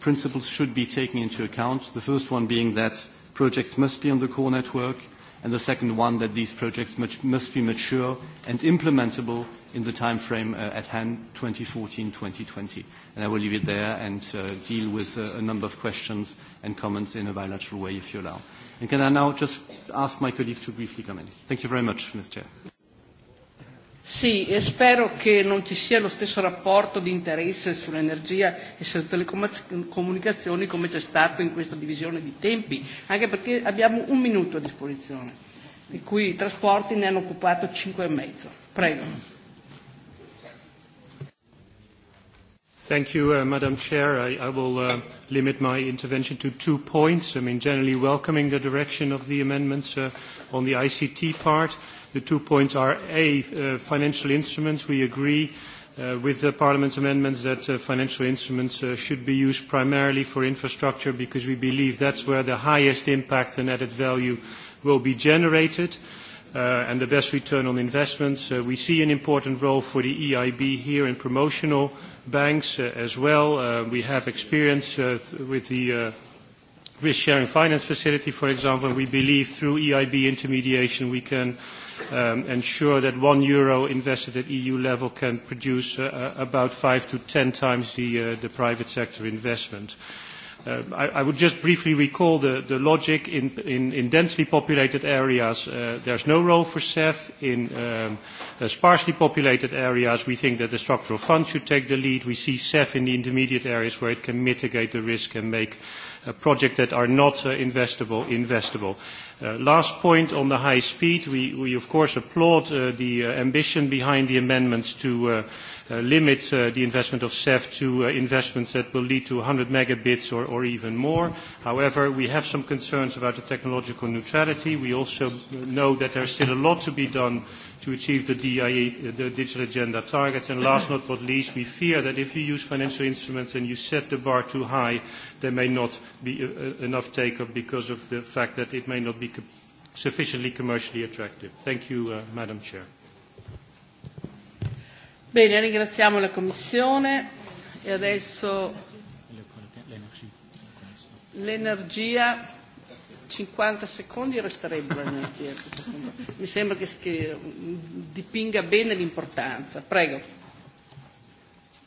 principles should be taken into account, the first one being that projects must be on the core network, and the second one that these projects much, must be mature and implementable in the time frame uh, at hand 2014-2020. And I will leave it there and uh, deal with uh, a number of questions and comments in a bilateral way if you allow. And can I now just ask my colleagues to briefly comment? Thank you very much, Mr. Chair. Sì, e spero che non ci sia lo stesso rapporto di interesse sull'energia e sulle telecomunicazioni come c'è stato in questa divisione di tempi, anche perché abbiamo un minuto a disposizione, di cui i trasporti ne hanno occupato cinque e mezzo. Prego. Thank you, uh, Madam Chair. I, I will uh, limit my intervention to two points. I mean, generally welcoming the direction of the amendments uh, on the ICT part The two points are A, uh, financial instruments. We agree uh, with the Parliament's amendments that uh, financial instruments uh, should be used primarily for infrastructure because we believe that's where the highest impact and added value will be generated uh, and the best return on investments. Uh, we see an important role for the EIB here in promotional banks uh, as well. Uh, we have experience uh, with the uh, risk-sharing finance facility, for example, and we believe through EIB intermediation we can um, ensure that one euro invested at EU level can produce uh, uh, about five to ten times the, uh, the private sector investment. Uh, I, I would just briefly recall the, the logic in, in, in densely populated areas uh, there's no role for CEF. In um, uh, sparsely populated areas we think that the structural fund should take the lead. We see CEF in the intermediate areas where it can mitigate the risk and make uh, projects that are not uh, investable investable. Uh, last point on the high speed, we, we of course applaud uh, the uh, ambition behind the amendments to uh, uh, limit uh, the investment of CEF to uh, investments that will lead to 100 megabits or, or even more. However, we have some concerns about the technological neutrality. We also know that there is still a lot to be done to achieve the, DIA, the digital agenda targets. And last but not least, we fear that if you use financial instruments and you set the bar too high, there may not be uh, uh, enough take-up because of the fact that it may not be co sufficiently commercially attractive. Thank you, uh, Madam Chair. Bene, ringraziamo la Commissione e adesso l'energia 50 secondi resterebbero Mi sembra che, che dipinga bene l'importanza. Prego.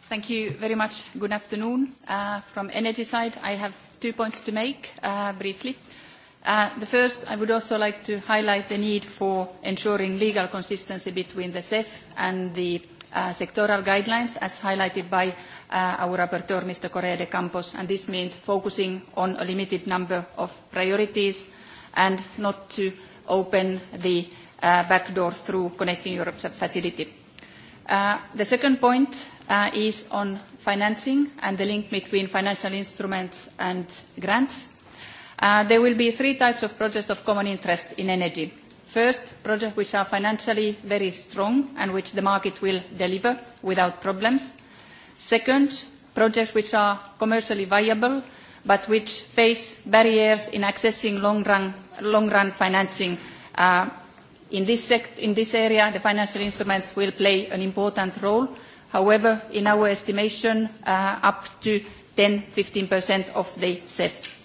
Thank you very much. Good afternoon. Uh, from energy side, I have two points to make uh, briefly. Uh, the first, I would also like to highlight the need for ensuring legal consistency between the CEF and the Uh, sectoral guidelines as highlighted by uh, our rapporteur, Mr. Correa de Campos, and this means focusing on a limited number of priorities and not to open the uh, back door through Connecting Europe facility. Uh, the second point uh, is on financing and the link between financial instruments and grants. Uh, there will be three types of projects of common interest in energy. First, projects which are financially very strong and which the market will deliver without problems. Second, projects which are commercially viable but which face barriers in accessing long-run long run financing. Uh, in, this in this area, the financial instruments will play an important role. However, in our estimation, uh, up to 10-15% of the CEF.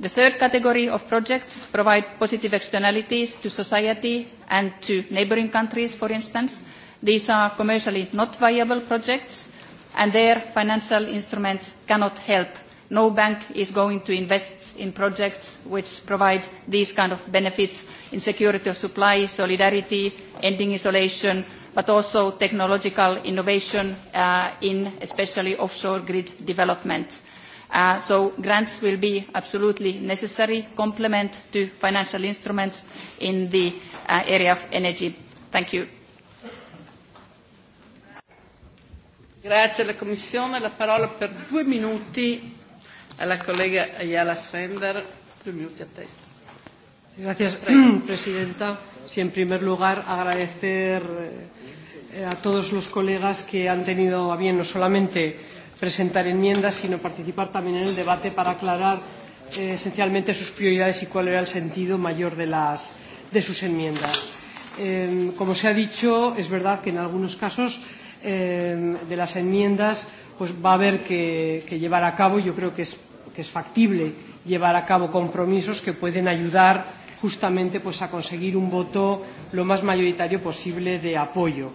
The third category of projects provide positive externalities to society and to neighboring countries, for instance. These are commercially not viable projects, and their financial instruments cannot help. No bank is going to invest in projects which provide these kind of benefits in security of supply, solidarity, ending isolation, but also technological innovation uh, in especially offshore grid development. Uh, so grants will be absolutely necessary complement to financial instruments in the uh, area of energy. Thank you. Grazie alla Commissione. La parola per due minuti alla collega Ayala Sender. Due minuti a testa. Gracias, Presidenta. Sí, en primer lugar, agradecer eh, a todos los colegas que han tenido a bien no solamente presentar enmiendas, sino participar también en el debate para aclarar eh, esencialmente sus prioridades y cuál era el sentido mayor de, las, de sus enmiendas. Eh, como se ha dicho, es verdad que en algunos casos eh, de las enmiendas pues va a haber que, que llevar a cabo, yo creo que es, que es factible llevar a cabo compromisos que pueden ayudar justamente pues, a conseguir un voto lo más mayoritario posible de apoyo.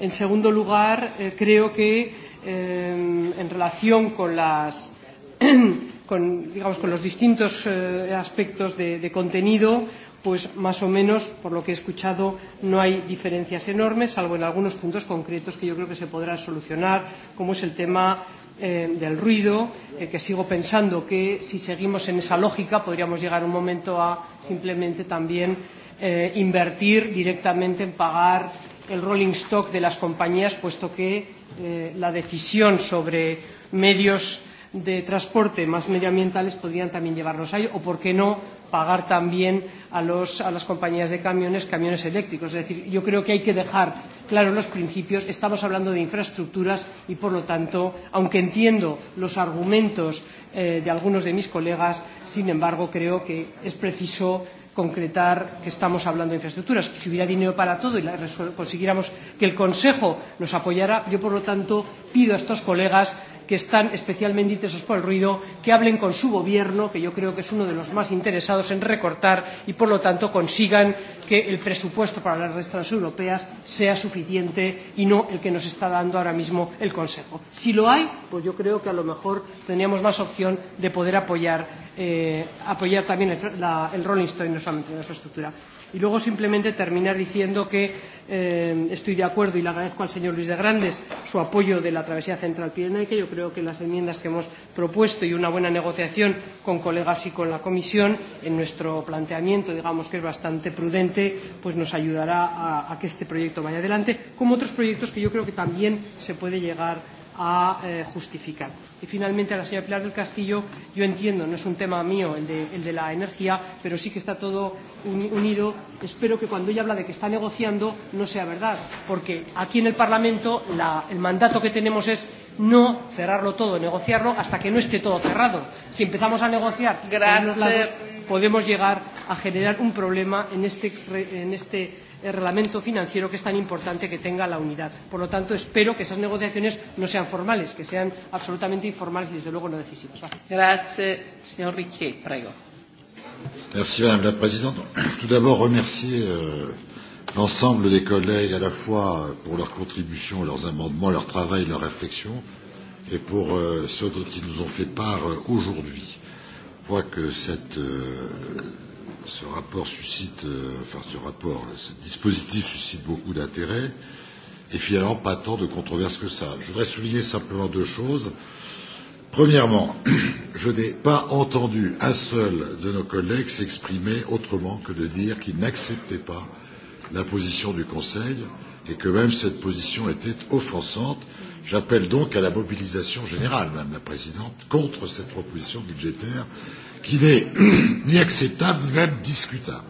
En segundo lugar, eh, creo que eh, en relación con las con, digamos, con los distintos eh, aspectos de, de contenido, pues más o menos, por lo que he escuchado, no hay diferencias enormes, salvo en algunos puntos concretos que yo creo que se podrán solucionar, como es el tema eh, del ruido, eh, que sigo pensando que si seguimos en esa lógica podríamos llegar un momento a simplemente también eh, invertir directamente en pagar el rolling stock de las compañías, puesto que eh, la decisión sobre medios de transporte más medioambientales podrían también llevarlos ahí, o por qué no pagar también a, los, a las compañías de camiones camiones eléctricos. Es decir, yo creo que hay que dejar claros los principios. Estamos hablando de infraestructuras y, por lo tanto, aunque entiendo los argumentos eh, de algunos de mis colegas, sin embargo, creo que es preciso concretar que estamos hablando de infraestructuras. Si hubiera dinero para todo y consiguiéramos que el Consejo nos apoyara, yo, por lo tanto, pido a estos colegas que están especialmente interesados por el ruido, que hablen con su gobierno, que yo creo que es uno de los más interesados en recortar y, por lo tanto, consigan que el presupuesto para las redes transeuropeas sea suficiente y no el que nos está dando ahora mismo el Consejo. Si lo hay, pues yo creo que a lo mejor tendríamos más opción de poder apoyar, eh, apoyar también el, la, el Rolling Stone, no solamente la infraestructura. Y luego simplemente terminar diciendo que eh, estoy de acuerdo y le agradezco al señor Luis de Grandes su apoyo de la travesía central pirenaica. Yo creo que las enmiendas que hemos propuesto y una buena negociación con colegas y con la comisión en nuestro planteamiento, digamos que es bastante prudente, pues nos ayudará a, a que este proyecto vaya adelante, como otros proyectos que yo creo que también se puede llegar a eh, justificar. Y finalmente, a la señora Pilar del Castillo, yo entiendo, no es un tema mío el de, el de la energía, pero sí que está todo un, unido. Espero que cuando ella habla de que está negociando no sea verdad, porque aquí en el Parlamento la, el mandato que tenemos es no cerrarlo todo, negociarlo hasta que no esté todo cerrado. Si empezamos a negociar, Gracias. Lados, podemos llegar a generar un problema en este, en este el reglamento financiero que es tan importante que tenga la unidad. Por lo tanto, espero que esas negociaciones no sean formales, que sean absolutamente informales y, desde luego, no decisivas. Gracias, señor Riquet. Prego. Merci, Madame la Présidente. Tout d'abord, remercier euh, l'ensemble des collègues à la fois pour leur contribution, leurs amendements, leur travail, leur réflexion et pour euh, ceux dont ils nous ont fait part euh, aujourd'hui. Je crois que cette, euh, ce rapport suscite, euh, enfin ce rapport, ce dispositif suscite beaucoup d'intérêt et finalement pas tant de controverses que ça. Je voudrais souligner simplement deux choses. Premièrement, je n'ai pas entendu un seul de nos collègues s'exprimer autrement que de dire qu'il n'acceptait pas la position du Conseil et que même cette position était offensante. J'appelle donc à la mobilisation générale, Madame la Présidente, contre cette proposition budgétaire qu'il n'est ni acceptable ni même discutable.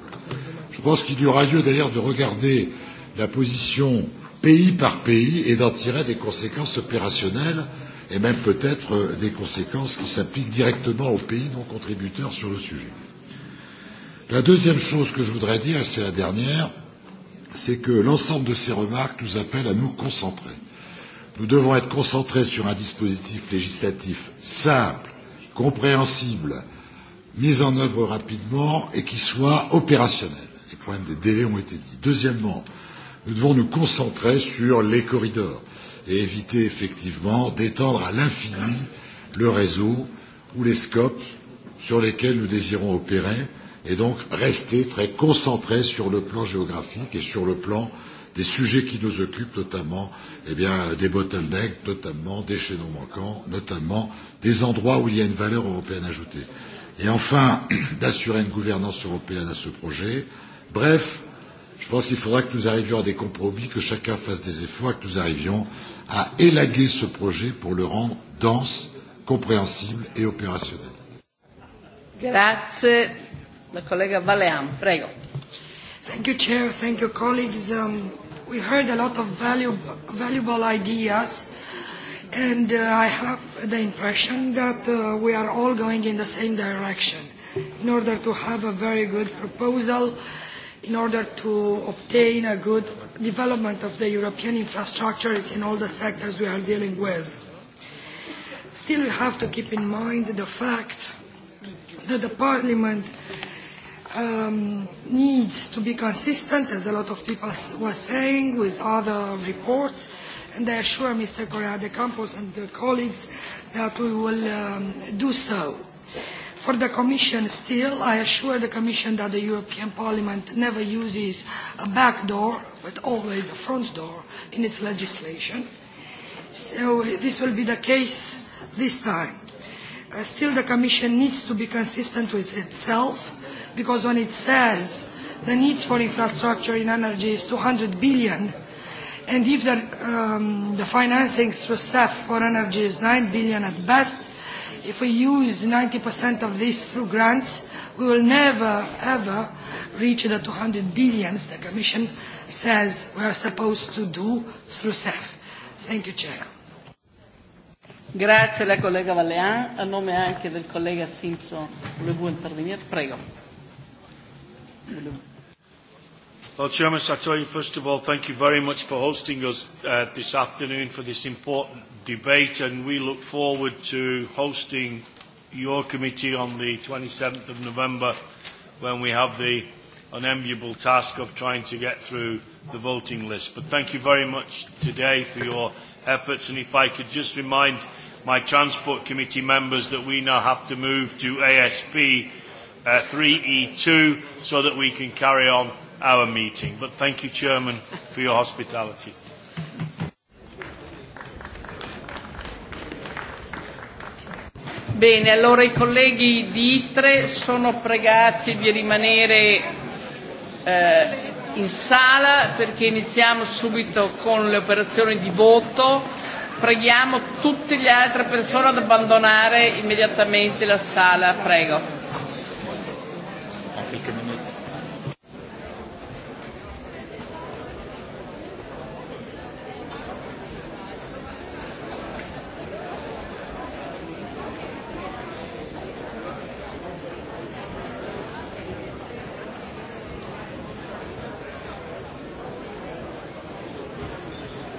Je pense qu'il y aura lieu d'ailleurs de regarder la position pays par pays et d'en tirer des conséquences opérationnelles et même peut-être euh, des conséquences qui s'appliquent directement aux pays non contributeurs sur le sujet. La deuxième chose que je voudrais dire, et c'est la dernière, c'est que l'ensemble de ces remarques nous appelle à nous concentrer. Nous devons être concentrés sur un dispositif législatif simple, compréhensible, mis en œuvre rapidement et qui soit opérationnel. Les problèmes des délais ont été dits. Deuxièmement, nous devons nous concentrer sur les corridors et éviter effectivement d'étendre à l'infini le réseau ou les scopes sur lesquels nous désirons opérer et donc rester très concentrés sur le plan géographique et sur le plan des sujets qui nous occupent, notamment eh bien, des bottlenecks, notamment des chaînons manquants, notamment des endroits où il y a une valeur européenne ajoutée et enfin d'assurer une gouvernance européenne à ce projet. Bref, je pense qu'il faudra que nous arrivions à des compromis, que chacun fasse des efforts, et que nous arrivions à élaguer ce projet pour le rendre dense, compréhensible et opérationnel. Grazie. La collega Balean, prego. Thank you, Chair. Thank you, colleagues. Um, we heard a lot of valuable, valuable ideas and uh, I have the impression that uh, we are all going in the same direction in order to have a very good proposal, in order to obtain a good development of the European infrastructures in all the sectors we are dealing with. Still, we have to keep in mind the fact that the Parliament um, needs to be consistent, as a lot of people were saying, with other reports, and I assure Mr. Correa de Campos and the colleagues that we will um, do so. For the Commission still, I assure the Commission that the European Parliament never uses a back door, but always a front door in its legislation. So this will be the case this time. Uh, still, the Commission needs to be consistent with itself, because when it says the needs for infrastructure in energy is 200 billion And if the, um, the financing through staff for energy is 9 billion at best, if we use 90% of this through grants, we will never, ever reach the 200 billion the Commission says we are supposed to do through CEF. Thank you, Chair. Grazie alla collega Vallean, a nome anche del collega Simpson, volevo intervenire? Prego. Volevo. Well, Chairman Satori, first of all, thank you very much for hosting us uh, this afternoon for this important debate, and we look forward to hosting your committee on the 27th of November when we have the unenviable task of trying to get through the voting list. But thank you very much today for your efforts, and if I could just remind my Transport Committee members that we now have to move to ASP uh, 3E2 e so that we can carry on our meeting. But thank you, Chairman, for your hospitality. Bene, allora i colleghi di ITRE sono pregati di rimanere eh, in sala perché iniziamo subito con le operazioni di voto. Preghiamo tutte le altre persone ad abbandonare immediatamente la sala, prego.